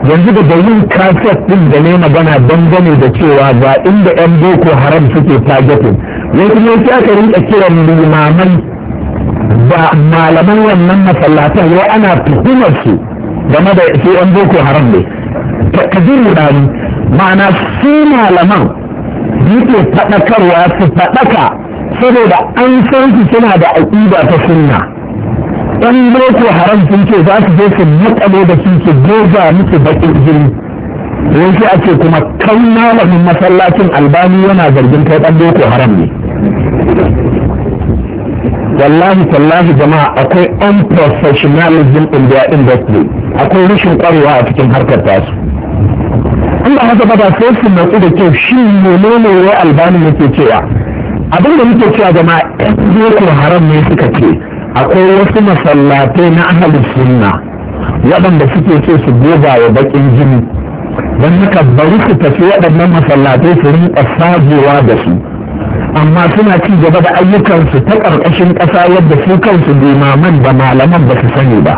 yanzu da bayin kaset din da ne magana dangane da cewa ga inda yan boko haram suke targeting yanzu kuma sai aka rinka kiran limaman ba malaman wannan masallatan wai ana tuhumar su game da su yan boko haram ne takadiru dani ma'ana su malaman yake faɗakarwa su faɗaka saboda an san su suna da aƙida ta sunna in boko haram sun ce za su je su matsalo da su su goza musu bakin jini wai sai a kuma kai malamin masallacin albani yana zargin kai dan boko haram ne wallahi tallahi jama'a akwai unprofessionalism in their industry akwai rashin kwarewa a cikin harkar tasu Allah haka ba sai su natsu da kyau shi menene wai albani yake cewa abin da muke cewa jama'a boko haram ne suka ce akwai wasu masallatai na ahalin sunna waɗanda suke so su goba wa baƙin jini don haka bari su tafi waɗannan masallatai su rinƙa sajewa da su amma suna ci gaba da ayyukansu ta ƙarƙashin ƙasa yadda su kansu limaman da malaman ba su sani ba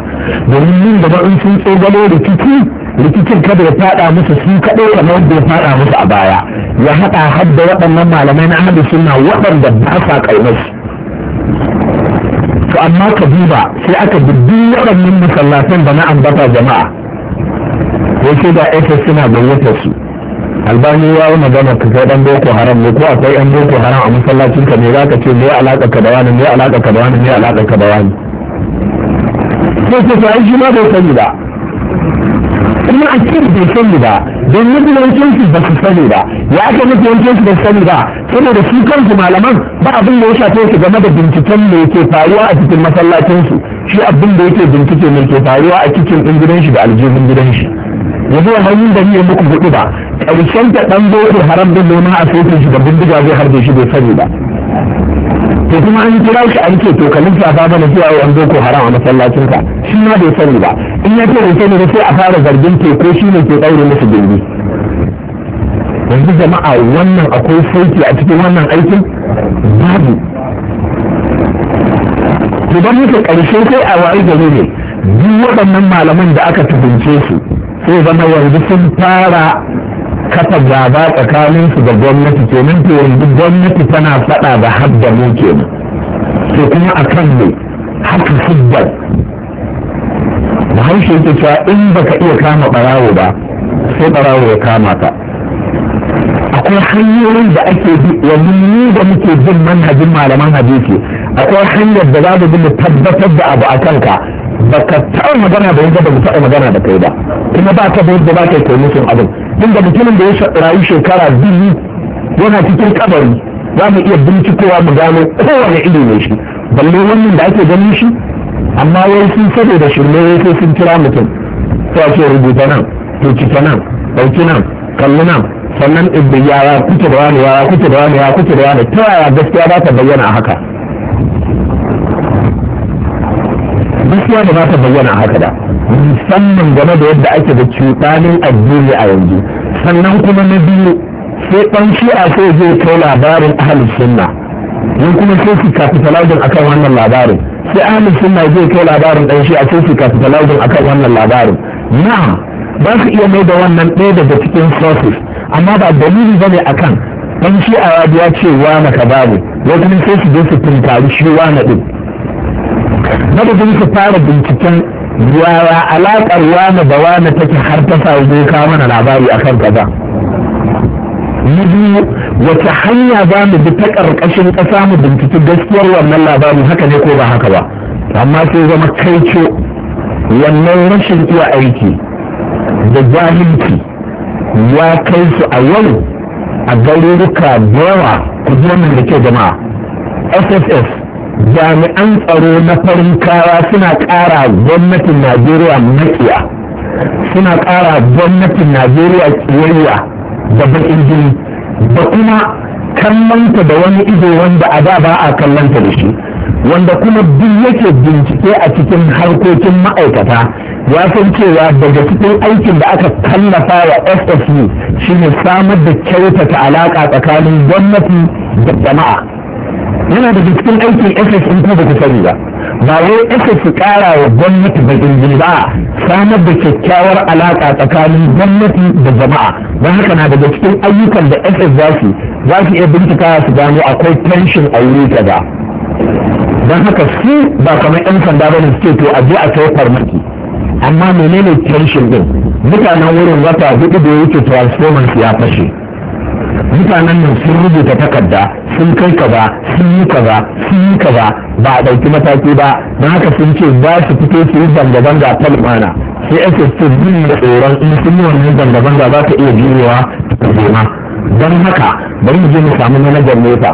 domin yin gaba in sun tsogalo rikici rikicin kada ya fada musu su kaɗai kamar da ya fada musu a baya ya haɗa hadda waɗannan malamai na ahalin sunna waɗanda ba sa ƙaunar to amma ka duba sai aka dubbi waɗannan masallatan da na ambata jama'a Ya ce da ake suna gayyatar su albani ya yi magana ka kai dan boko haram ne ko akwai ɗan boko haram a masallacin ka ne za ka ce me ya alaka ka da wani me ya alaka ka da wani me ya alaka ka da wani sai ce sai shi ma bai sani ba kuma a kiri bai sani ba don mutuwancin su ba su sani ba ya aka mutuwancin su ba su sani ba saboda su kansu malaman ba abin da ya shafe su game da binciken da yake faruwa a cikin masallacin su shi abin da yake bincike mai ke faruwa a cikin ɗin shi da aljihun gidan shi yanzu hanyar da ya muku hudu ba ƙarshen ta ɗan boko haram din noma a sokin shi da bindiga zai harbe shi bai sani ba to kuma an kira shi an ce to ka lissafa mana cewa an zo ko haram a masallacin ka shi ma bai sani ba in ya ce ne sani ne sai a fara zargin ke ko shi ne ke daure musu gindi yanzu jama'a wannan akwai sauki a cikin wannan aikin babu idan muka ƙarshe sai a wayi gari ne duk waɗannan malaman da aka tukunce su sai zama yanzu sun fara kafa gaba tsakaninsu da gwamnati ke nan to yanzu gwamnati tana fada da hadda mu kenan to kuma a kan ne haka hujjar bahaushe yake cewa in baka iya kama ɓarawo ba sai ɓarawo ya kama ka akwai hanyoyin da ake bi yanzu ni da muke bin manhajin malaman hadisi akwai hanyar da za mu bi mu tabbatar da abu a kanka baka taɓa magana da yadda ba mu taɓa magana da kai ba kuma ba ka da yadda ba ka yi musun abin din da mutumin da ya rayu shekara biyu yana cikin kabari za mu iya bincikowa mu gano kowane ido ne shi balle wannan da ake ganin shi amma wai sun saboda shirme ya sai sun kira mutum Ta ce rubuta nan rubuta nan ɗauki nan kalli nan sannan ibda yara kuke da wani yara kuke da wani yara kuke da wani ta yaya gaskiya za ta bayyana haka gaskiya da za ta bayyana haka da musamman game da yadda ake da cutanin addini a yanzu sannan kuma na biyu sai ɗan shi'a sai zai kai labarin ahalus sunna yin kuma sai su a kan wannan labarin sai ahalus sunna zai kai labarin ɗan shi'a sai su a kan wannan labarin na ba su iya mai da wannan ɗaya daga cikin sources amma ba dalili ba bane akan ɗan shi'a ya biya ce wane ka babu Ya kuma sai su je su tunkari shi wane ɗin madadin su fara binciken yawa alaƙar wani da wani take har ta sa doka mana labari a kan kaza na biyu wace hanya za mu bi ta ƙarƙashin ƙasa mu binciki gaskiyar wannan labari haka ne ko ba haka ba amma sai zama kaico wannan rashin iya aiki da jahilci ya kai su a yau a garuruka da yawa ku da ke jama'a sss jami'an tsaro na farin kawa suna ƙara gwamnatin najeriya makiya suna ƙara gwamnatin najeriya kiyayya da baƙin jini da kuma kallonta da wani ido wanda a da ba a kallonta da shi wanda kuma duk yake bincike a cikin harkokin ma'aikata ya san cewa daga cikin aikin da aka tallafa wa ssv shine samar da kyautata alaƙa tsakanin gwamnati da jama'a yana da cikin aikin ss in ku ba sani ba ba wai ss su kara wa gwamnati da jini ba samar da kyakkyawar alaka tsakanin gwamnati da jama'a don haka na daga cikin ayyukan da ss za su za su iya bincika su gano akwai tension a wuri kaza don haka su ba kamar yan sanda ba ne suke to a je a kai farmaki amma menene tension din mutanen wurin wata hudu da yake transformance ya fashe mutanen nan sun rubuta takarda sun kai kaza sun yi kaza sun yi kaza ba a ɗauki mataki ba na haka sun ce za su fito su yi zanga-zanga ta lumana sai ake ce bin da tsoron in sun yi wannan zanga-zanga za ta iya jurewa ta zema don haka bari mu je mu samu manajan nesa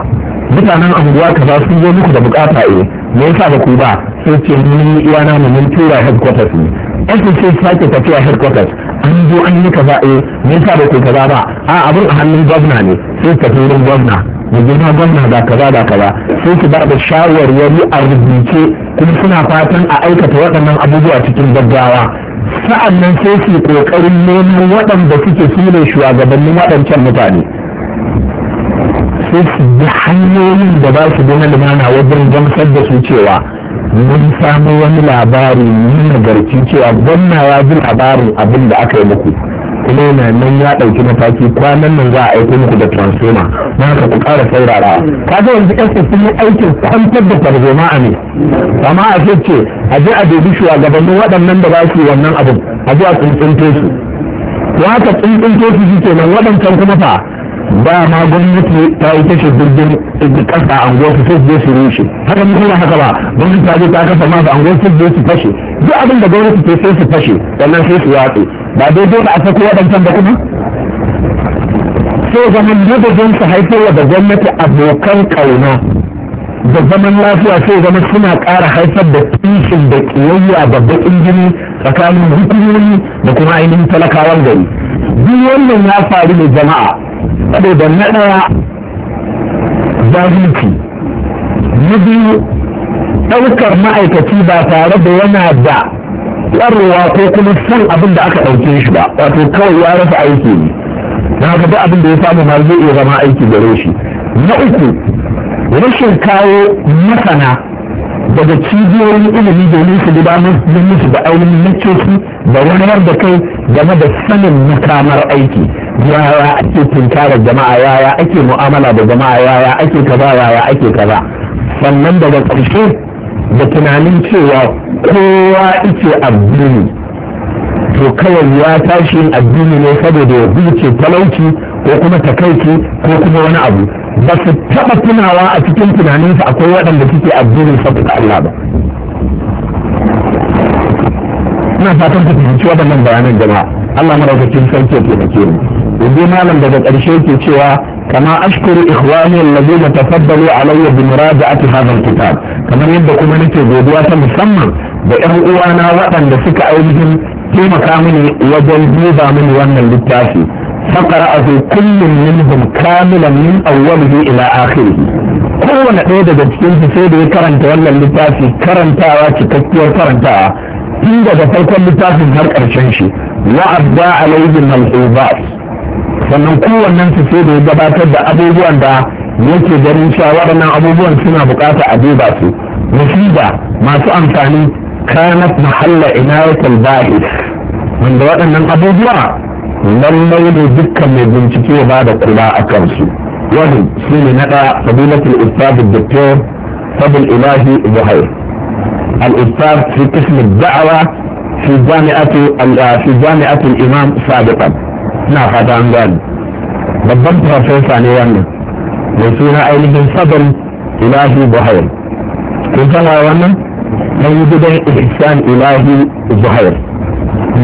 mutanen anguwa kaza su zo muku da bukata eh me yasa ba ku ba sai ce mun yi iyana mu mun tura headquarters ne ake ce sake tafiya headquarters an zo an yi kaza eh me yasa ba kai kaza ba a abin a hannun gwamna ne sai ka tafi gwamna da girma gwamna da kaza da kaza sai su ba da shawarwari a rubuce kuma suna fatan a aikata waɗannan abubuwa cikin gaggawa sa'an sai su ƙoƙarin neman waɗanda suke sune shugabannin waɗancan mutane sai su bi hanyoyin da ba su gina na limana wajen gamsar da su cewa mun samu wani labari mun nagarci cewa gwamna ya ji labarin abin da aka yi muku kuma yana nan ya ɗauki mataki kwanan nan za a aiko muku da transformer na ka ku ƙara saurara ka ga wanzu ƴan sun yi aikin kwantar da tarzoma a ne amma a ce ce a je a dubi shugabannin waɗannan da ba su wannan abin a je a ya ka tsuntsunto su shi kenan waɗancan kuma fa ba ma gwamnati ta yi kashe jirgin kasa a anguwar su sai su rushe haka mun kuma haka ba gwamnati ta je ta kasa ma da sai su su fashe duk abin da gwamnati ta sai su fashe wannan sai su yatsu ba dai dole a sako waɗancan da kuma sai zaman da madadin su haifarwa da gwamnati abokan ƙauna da zaman lafiya sai zama suna ƙara haifar da tushen da ƙiyayya da baƙin jini tsakanin hukumomi da kuma ainihin talakawan gari duk wannan ya faru ne jama'a saboda na ɗaya zalunci na biyu ɗaukar ma'aikaci ba tare da yana da ƙwarewa ko kuma san abin da aka ɗauke shi ba wato kawai ya rasa aiki ne na haka duk abin da ya samu ma zai iya zama aiki gare shi na uku rashin kawo masana daga cibiyoyin ilimi domin su gudanar da musu da ainihin nacoci da wayar da kai game da sanin makamar aiki yaya ake tunkara jama'a yaya ake mu'amala da jama'a yaya ake kaza yaya ake kaza sannan daga ƙarshe da tunanin cewa kowa ike addini to kawai ya tashi addini ne saboda ya huce talauci ko kuma takaici ko kuma wani abu ba su taɓa tunawa a cikin tunaninsa akwai waɗanda suke addini saboda Allah ba ina fatan ku fahimci waɗannan bayanan jama'a Allah madaukakin sarki ya taimake mu yanzu malam daga ƙarshe ke cewa kama ashkuru ikhwani allazina tafaddalu alayya bi muraja'ati hadha alkitab kamar yadda kuma nake godiya ta musamman da ƴan uwana waɗanda suka ainihin taimaka mini wajen duba mini wannan littafi فقرأه كل منهم كاملا من أوله ila آخره kowane ɗaya daga cikinsu sai da ya karanta wannan littafi karantawa cikakkiyar karantawa tun daga farkon littafin har ƙarshen shi wa abda alaihim sannan kowannen su sai da ya gabatar da abubuwan da yake ganin cewa waɗannan abubuwan suna bukata a duba su musida masu amfani kanat mahalla ina inayatul bahis wanda waɗannan abubuwa lallai ne dukkan mai bincike ya bada kula a kansu wani su ne na ɗaya fadilatul ustadu doktor fadil ilahi buhair الأستاذ في قسم الدعوة في جامعة في جامعة الإمام سابقا na fata an gani babban farfesa ne wannan mai suna ainihin sabon ilahi buhair kun san wannan dan yi gidan ihsan ilahi buhair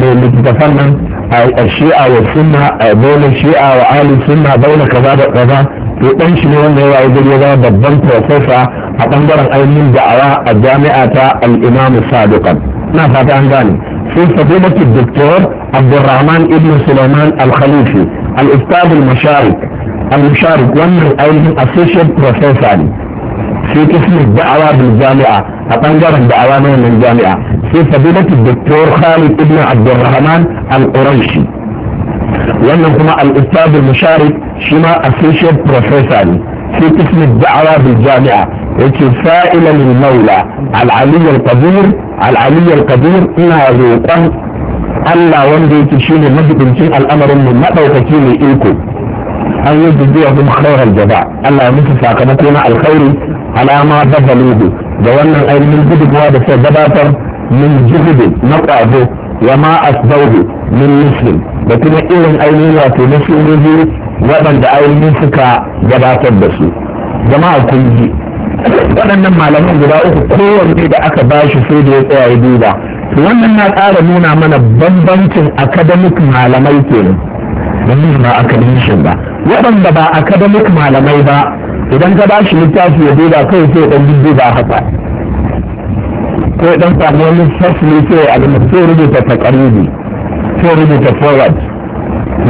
mai littattafan nan a shi'a wa sunna a bayan shi'a wa ali sunna bayan kaza da kaza to dan shi ne wanda ya wayi gari ya zama babban farfesa a bangaren ainihin da'awa a jami'a ta al-imam sadiqan na fata an gani. في فضيلة الدكتور عبد الرحمن ابن سليمان الخليفي الأستاذ المشارك المشارك ومن أيضا اسوشيال بروفيسور في قسم الدعوة بالجامعة أطنجر الدعوة من الجامعة في فضيلة الدكتور خالد ابن عبد الرحمن القريشي ومن هما الأستاذ المشارك شما اسوشيال بروفيسور في قسم الدعوة بالجامعة يتسائل للمولى العلي القدير al'aliyyar kabir ina roƙon Allah wanda yake shi ne majibincin al'amarin mu maɗaukaki mai iko an yi jizuwa kuma khairar jaba Allah ya musu sakamako na alkhairi alama babaluhu da wannan ainihin gudunmuwa da sai gabatar min jihudin na ƙwazo ya ma asbaudu min muslim da kuma irin ainihin wato na waɗanda ainihin suka gabatar da su jama'a kun ji waɗannan malaman guda uku kowanne da aka ba shi sai da ya tsaya ya duba wannan na ƙara nuna mana bambancin academic malamai ke. kenan wannan ba academician ba waɗanda ba academic malamai ba idan ka ba shi littafi ya duba kai sai ɗan duba haka ko ɗan samu wani fasli sai a gama sai rubuta ta ƙaribi. sai rubuta forward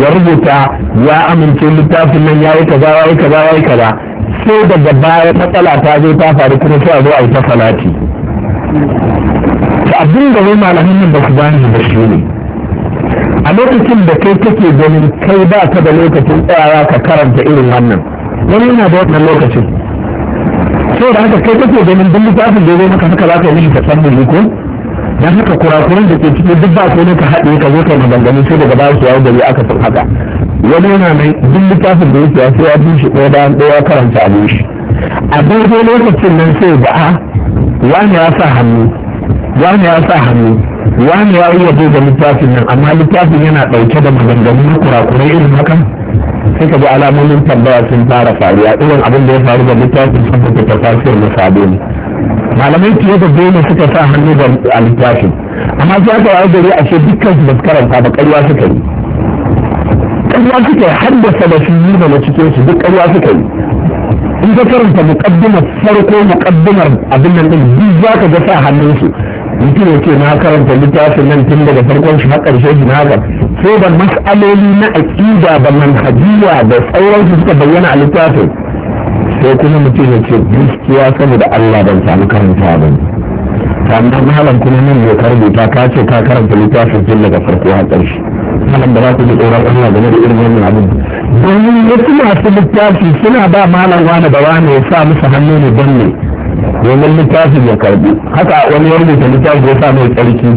ya rubuta ya amince littafin nan ya yi kaza ya yi kaza ya yi kaza sai daga baya matsala ta zo ta faru kuma sai a zo a yi ta salati ta abin da wai malamin nan ba su gani ba shi ne a lokacin da kai kake ganin kai ba ka da lokacin tsayawa ka karanta irin wannan wani yana da wannan lokacin sai da haka kai kake ganin duk littafin da zai zo maka haka za ka yi mishi tasammuli ko dan haka kurakuran da ke cikin duk ba ko ne ka haɗe ka zo kai maganganu sai daga baya su yawo gari aka san haka wani yana mai duk littafin da yake sai ya bushe ɗaya bayan ɗaya karanta a shi a daidai lokacin nan sai ba'a a ah, wani ya sa hannu wani ya sa hannu wani ya iya da littafin nan amma littafin yana ɗauke da maganganu na kurakurai irin haka sai ka ji alamomin tambaya sun fara faruwa irin abin da ya faru da littafin sabbata tafasir na sabo ne malamai fiye da dole suka sa hannu da littafin amma sai aka yi gari a ce dukkan su ba karanta da ƙarya suka yi ƙarya suka yi haddasa da shi yi na cikin su duk ƙarya suka yi in ka karanta muƙaddimar farko muƙaddimar abin nan ɗin duk za ka ga sa hannun su mutum ya ce na karanta littafin nan tun daga farkon shi har ƙarshe shi na ga sai da mas'aloli na aƙida ba manhajiya da sauransu suka bayyana a littafin sai kuma mutum ya ce gaskiya saboda Allah ban samu karanta ba sannan malam kuma nan ya ka ta ka ce ka karanta littafin tun daga farko har ƙarshe malam da za su ji tsoron Allah game da irin wannan abin domin wasu masu littafi suna ba malam wani da wani ya sa musu hannu ne don ne domin littafin ya karbi haka wani ya rubuta littafi ya sa mai tsarki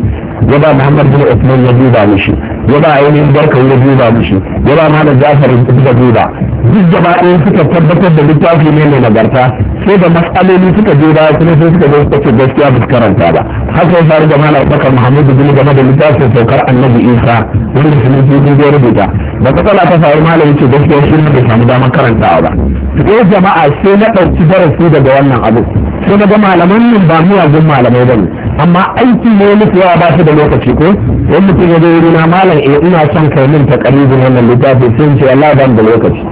ya ba Muhammad bin Usman ya duba mishi ya ba ainihin barka ya duba mishi ya ba malam Jafar ya duba duk gaba ɗaya suka tabbatar da littafi ne mai nagarta sai da matsaloli suka je baya kuma sai suka zo suka ce gaskiya ba su karanta ba haka ya faru da malam bakar muhammadu bin game da littafin saukar annabi isa wanda sunan jirgin ya rubuta da tsala ta faru malam yace gaskiya shi ne bai samu damar karantawa ba sai eh, jama'a sai na ɗauki darasi daga wannan abu sai na ga malaman nan ba miyagun malamai ba ne amma aiki ne mutu yawa ba su da lokaci ko wani mutum ya zo wuri na malam eh ina son kai min takaribin wannan littafin sai ce Allah ban da lokaci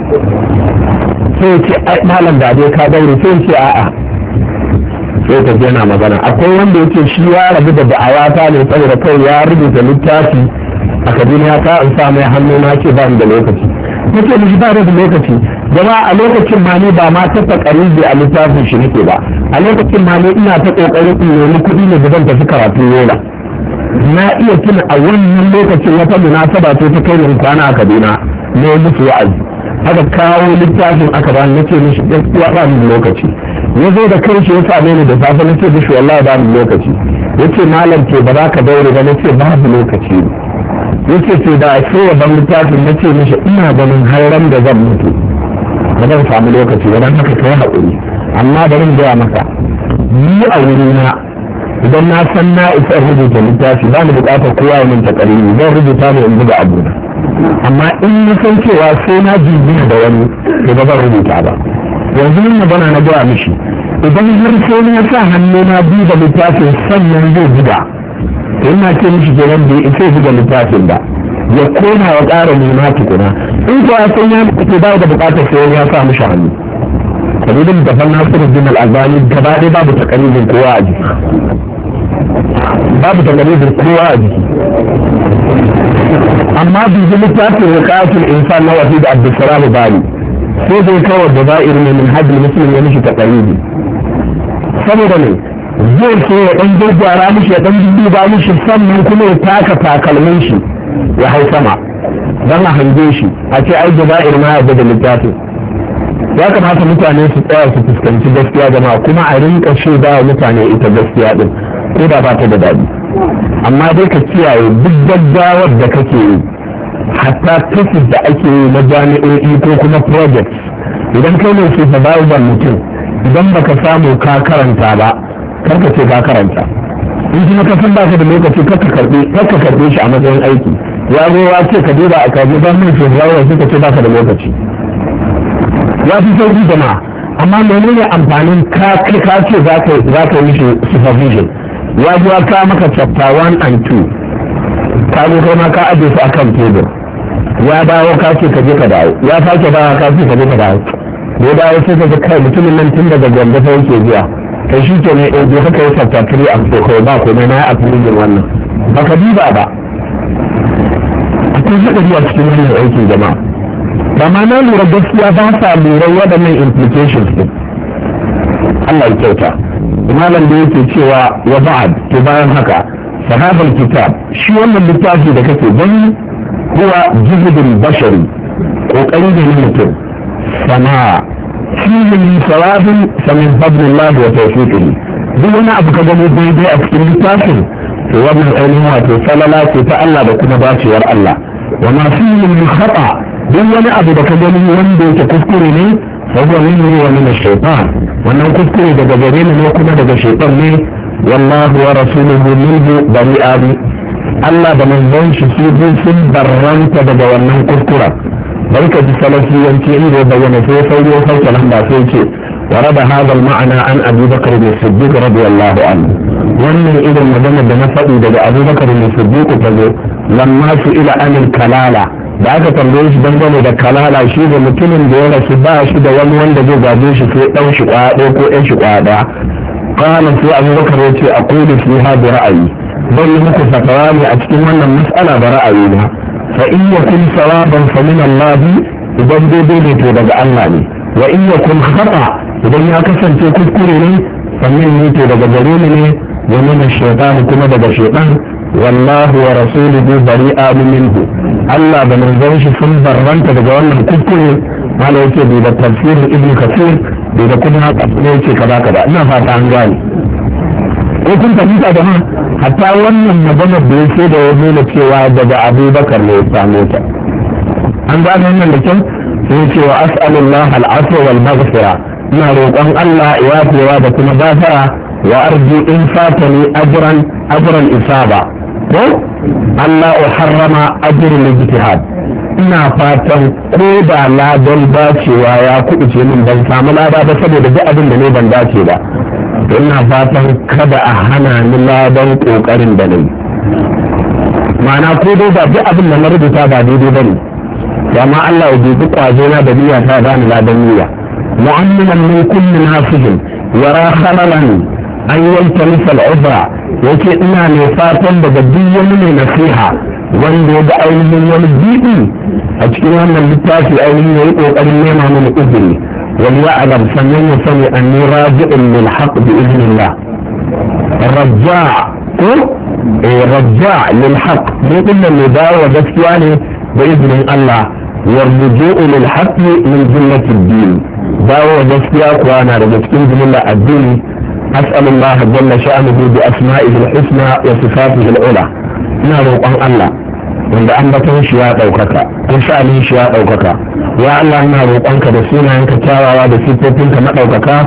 sai ce malam da ka daure sai ce a'a sai yana magana akwai wanda yake shi ya rabu da ba'ayata ne saboda kai ya rubuta littafi a kaduna ka in sa mai hannu na ce ba da lokaci nake da shi ba da lokaci gama a lokacin ma ne ba ma ta da a littafin shi nake ba a lokacin ma ne ina ta kokari in nemi kuɗi ne da zan tafi karatu yola na iya tuna a wannan lokacin wata munasaba ce ta kai kwana a kaduna ne musu wa'azi haka kawo littafin aka bani ne mishi gaskiya ba ni lokaci ya zo da kai shi ya same ni da safe na ce bishi wallahi ba mu lokaci ya ce malam ce ba za ka daure ba na ce ba mu lokaci ya ce da ake wa ban littafin na ce mishi ina ganin hairan da zan mutu ba zan samu lokaci ba don haka kai haƙuri amma bari mu maka ni a wurina idan na san na isa rubuta littafi ba ni bukatar kowa ya manta karimi zan rubuta ne in buga abu amma in na san cewa sai na jingina da wani to ba zan rubuta ba yanzu yin magana na gaya mishi idan har sai na sa hannu na duba littafin sannan zai buga to ina ce mishi kenan bai isa buga littafin ba ya koma wa ƙara nema tukuna in ko ya san ya mutu ba da buƙatar sai ya sa mishi hannu kalilin da fanna sunan din al'azami gaba ɗaya babu takalilin kowa a jiki babu takalilin kowa a jiki amma bizu littafin riƙatul insan na wasi da abdulsalam bali sai zai kawar da za'irin min hajji muslim ya mishi takalili saboda ne zai so ya dan gurgwara mishi ya dan duba mishi sannan kuma ya taka takalmin shi ya hau sama don a hange shi a ce ai jaza'ir ma yadda da littafin ya kamata mutane su tsaya su fuskanci gaskiya jama'a kuma a rinka shaida wa mutane ita gaskiya din ko da ba ta da daɗi amma dai ka kiyaye duk gaggawar da kake yi hatta tesis da ake yi na jami'o'i ko kuma projects idan kai ne su survival mutum idan baka samu ka karanta ba karka ce ka karanta in kuma ka san baka da lokaci karka karbe karka karbe shi a matsayin aiki ya zo ya ce ka duba a kaji ba mun shi zawo sai ka ce baka da lokaci ya fi sauki ma, amma ne amfanin ka kai ka ce za ka za ka yi shi supervision ya zo ya ka maka chapter 1 and 2 ka zo kai ma ka aje su akan tebur ya dawo ka ce ka je ka dawo ya sake dawo ka ce ka je ka dawo da ya dawo sai ka kai mutumin nan tun daga gombe sai yake zuwa kai shi ke ne ɗauke eh, haka ya tattaki a kawai ba komai na ya afirgin wannan ba ka duba ba akwai haɗari a cikin wannan aikin jama'a ba ma na lura gaskiya ba sa lura waɗannan implications ɗin Allah ya kyauta malam da yake cewa wa ba'ad to bayan haka sahabar kitab shi wannan littafi da kake gani huwa jihudul bashari kokari da mutum sana'a fihi min sawabin samin fadlillahi wa tawfiqihi duk wani abu ka gani daidai a cikin littafin to wannan ainihin wato salala ce ta Allah da kuma bacewar Allah wa ma fihi min haɓa duk wani abu da ka gani wanda yake kuskure ne sabuwa min ne wa min wannan kuskure daga gare ne kuma daga shaytan ne wallahu wa rasuluhu minhu bari'ani Allah da manzon shi su sun barranta daga wannan kuskuren bari ka ji salafiyanci inda ya bayyana sai sauri ya sauke nan ba sai ce ورد هذا المعنى عن ابي بكر بن الصديق رضي الله عنه wannan irin magana da na faɗi daga abubakar mai siddiqu ta zo lamma su ila anil kalala da aka tambaye shi dangane da kalala shi da mutumin da ya rasu ba shi da wani wanda zai gaje shi sai ɗan shi kwaɗo ko ɗan shi kwaɗa kana sai abubakar ya ce a kudu su ha da ra'ayi zan yi muku fatawa ne a cikin wannan mas'ala da ra'ayi na fa in yakun sawaban fa min Allah idan daidai ne to daga Allah ne wa in yakun khata idan ya kasance kuskure ne fa ne to daga gare ne wa min shaytan kuma daga shaytan wallahu wa rasuluhu bari'a minhu Allah da manzon shi sun barranta daga wannan kuskure mala yake bai da tafsirin ibnu kasir bai da kuma ne yake kaza kaza ina fata an gane ko kun fahimta da nan hatta wannan maganar da yake da ya nuna cewa daga abubakar ne ya samu ta an gane wannan da kyau sai ce wa as'alullah al'afwa wal maghfira ina roƙon Allah ya fiwa da kuma gafara wa arju in fatani ajran ajran isaba ko Allah uharrama ajrul ijtihad ina fatan ko da ladan dacewa ya kuɗuce min ban samu lada ba saboda duk abin da ne ban dace ba ina fatan kada a hana ni ladan kokarin da nayi ma'ana ko dai ba duk abin da na rubuta ba daidai bane ya ma Allah ya dubi kwazo na da niyya ta bani ladan niyya mu'amminan min kulli nafijin yara khalalan an yanta misal ubra yake ina ne fatan daga duk wani mai nasiha wanda ya ga ainihin wani bibi a cikin wannan littafi ainihin ya yi kokarin nema mana izini وليعلم فمن يصلي أني راجع للحق بإذن الله الرجاع إيه، رجاع للحق مو قلنا اللي داوى بس يعني بإذن الله والرجوع للحق من جملة الدين داوى بس اخوانا رجعت من جملة الدين أسأل الله جل شأنه بأسمائه الحسنى وصفاته العلى نار نعم، الله عند ان batun shi اوكاكا ɗaukaka an sha'anin ya Allah ina roƙonka da sunayenka kyawawa da sifofinka maɗaukaka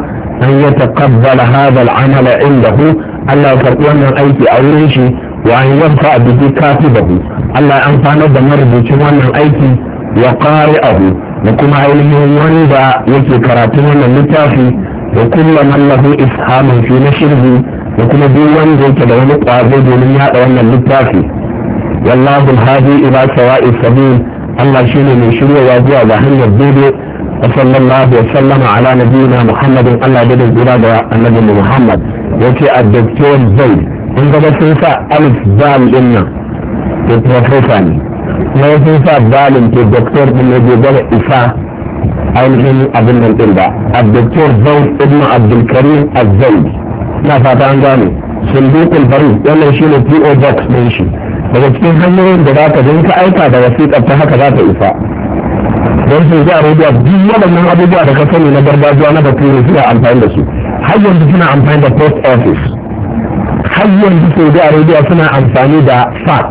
an ya taqabbala hadha al-amal indahu Allah ya karɓi wannan aiki a wurin shi wa an yanfa bihi katibahu Allah ya amfana da marubucin wannan aiki wa qari'ahu da kuma ainihin wanda yake karatun wannan littafi da kulla man lahu ishamun fi nashrihi da kuma duk wanda yake da wani ƙwazo domin yaɗa wannan littafi wallahu al ibasawa ila sawa'i sabil Allah shi ne mai shirya zuwa ga hanyar daidai wa sallallahu wa sallama ala nabiyina Muhammadin Allah da dangura da annabi Muhammad yace a doktor in gaba sun sa alif dal din nan to professor ne kuma sun sa dalin to doktor din ne bai ainihin abin nan din ba a doktor zai ibn Abdul Karim az na an bari wannan shine PO box shi daga cikin hanyoyin da za ka ka aika da wasiƙar ta haka za ka isa don su ji rubuwa duk waɗannan abubuwa da ka sani na gargajiya na ne suna amfani da su har yanzu suna amfani da post office har yanzu saudi rubuwa suna amfani da fax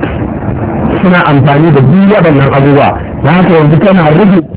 suna amfani da duk waɗannan abubuwa da haka yanzu kana rubuta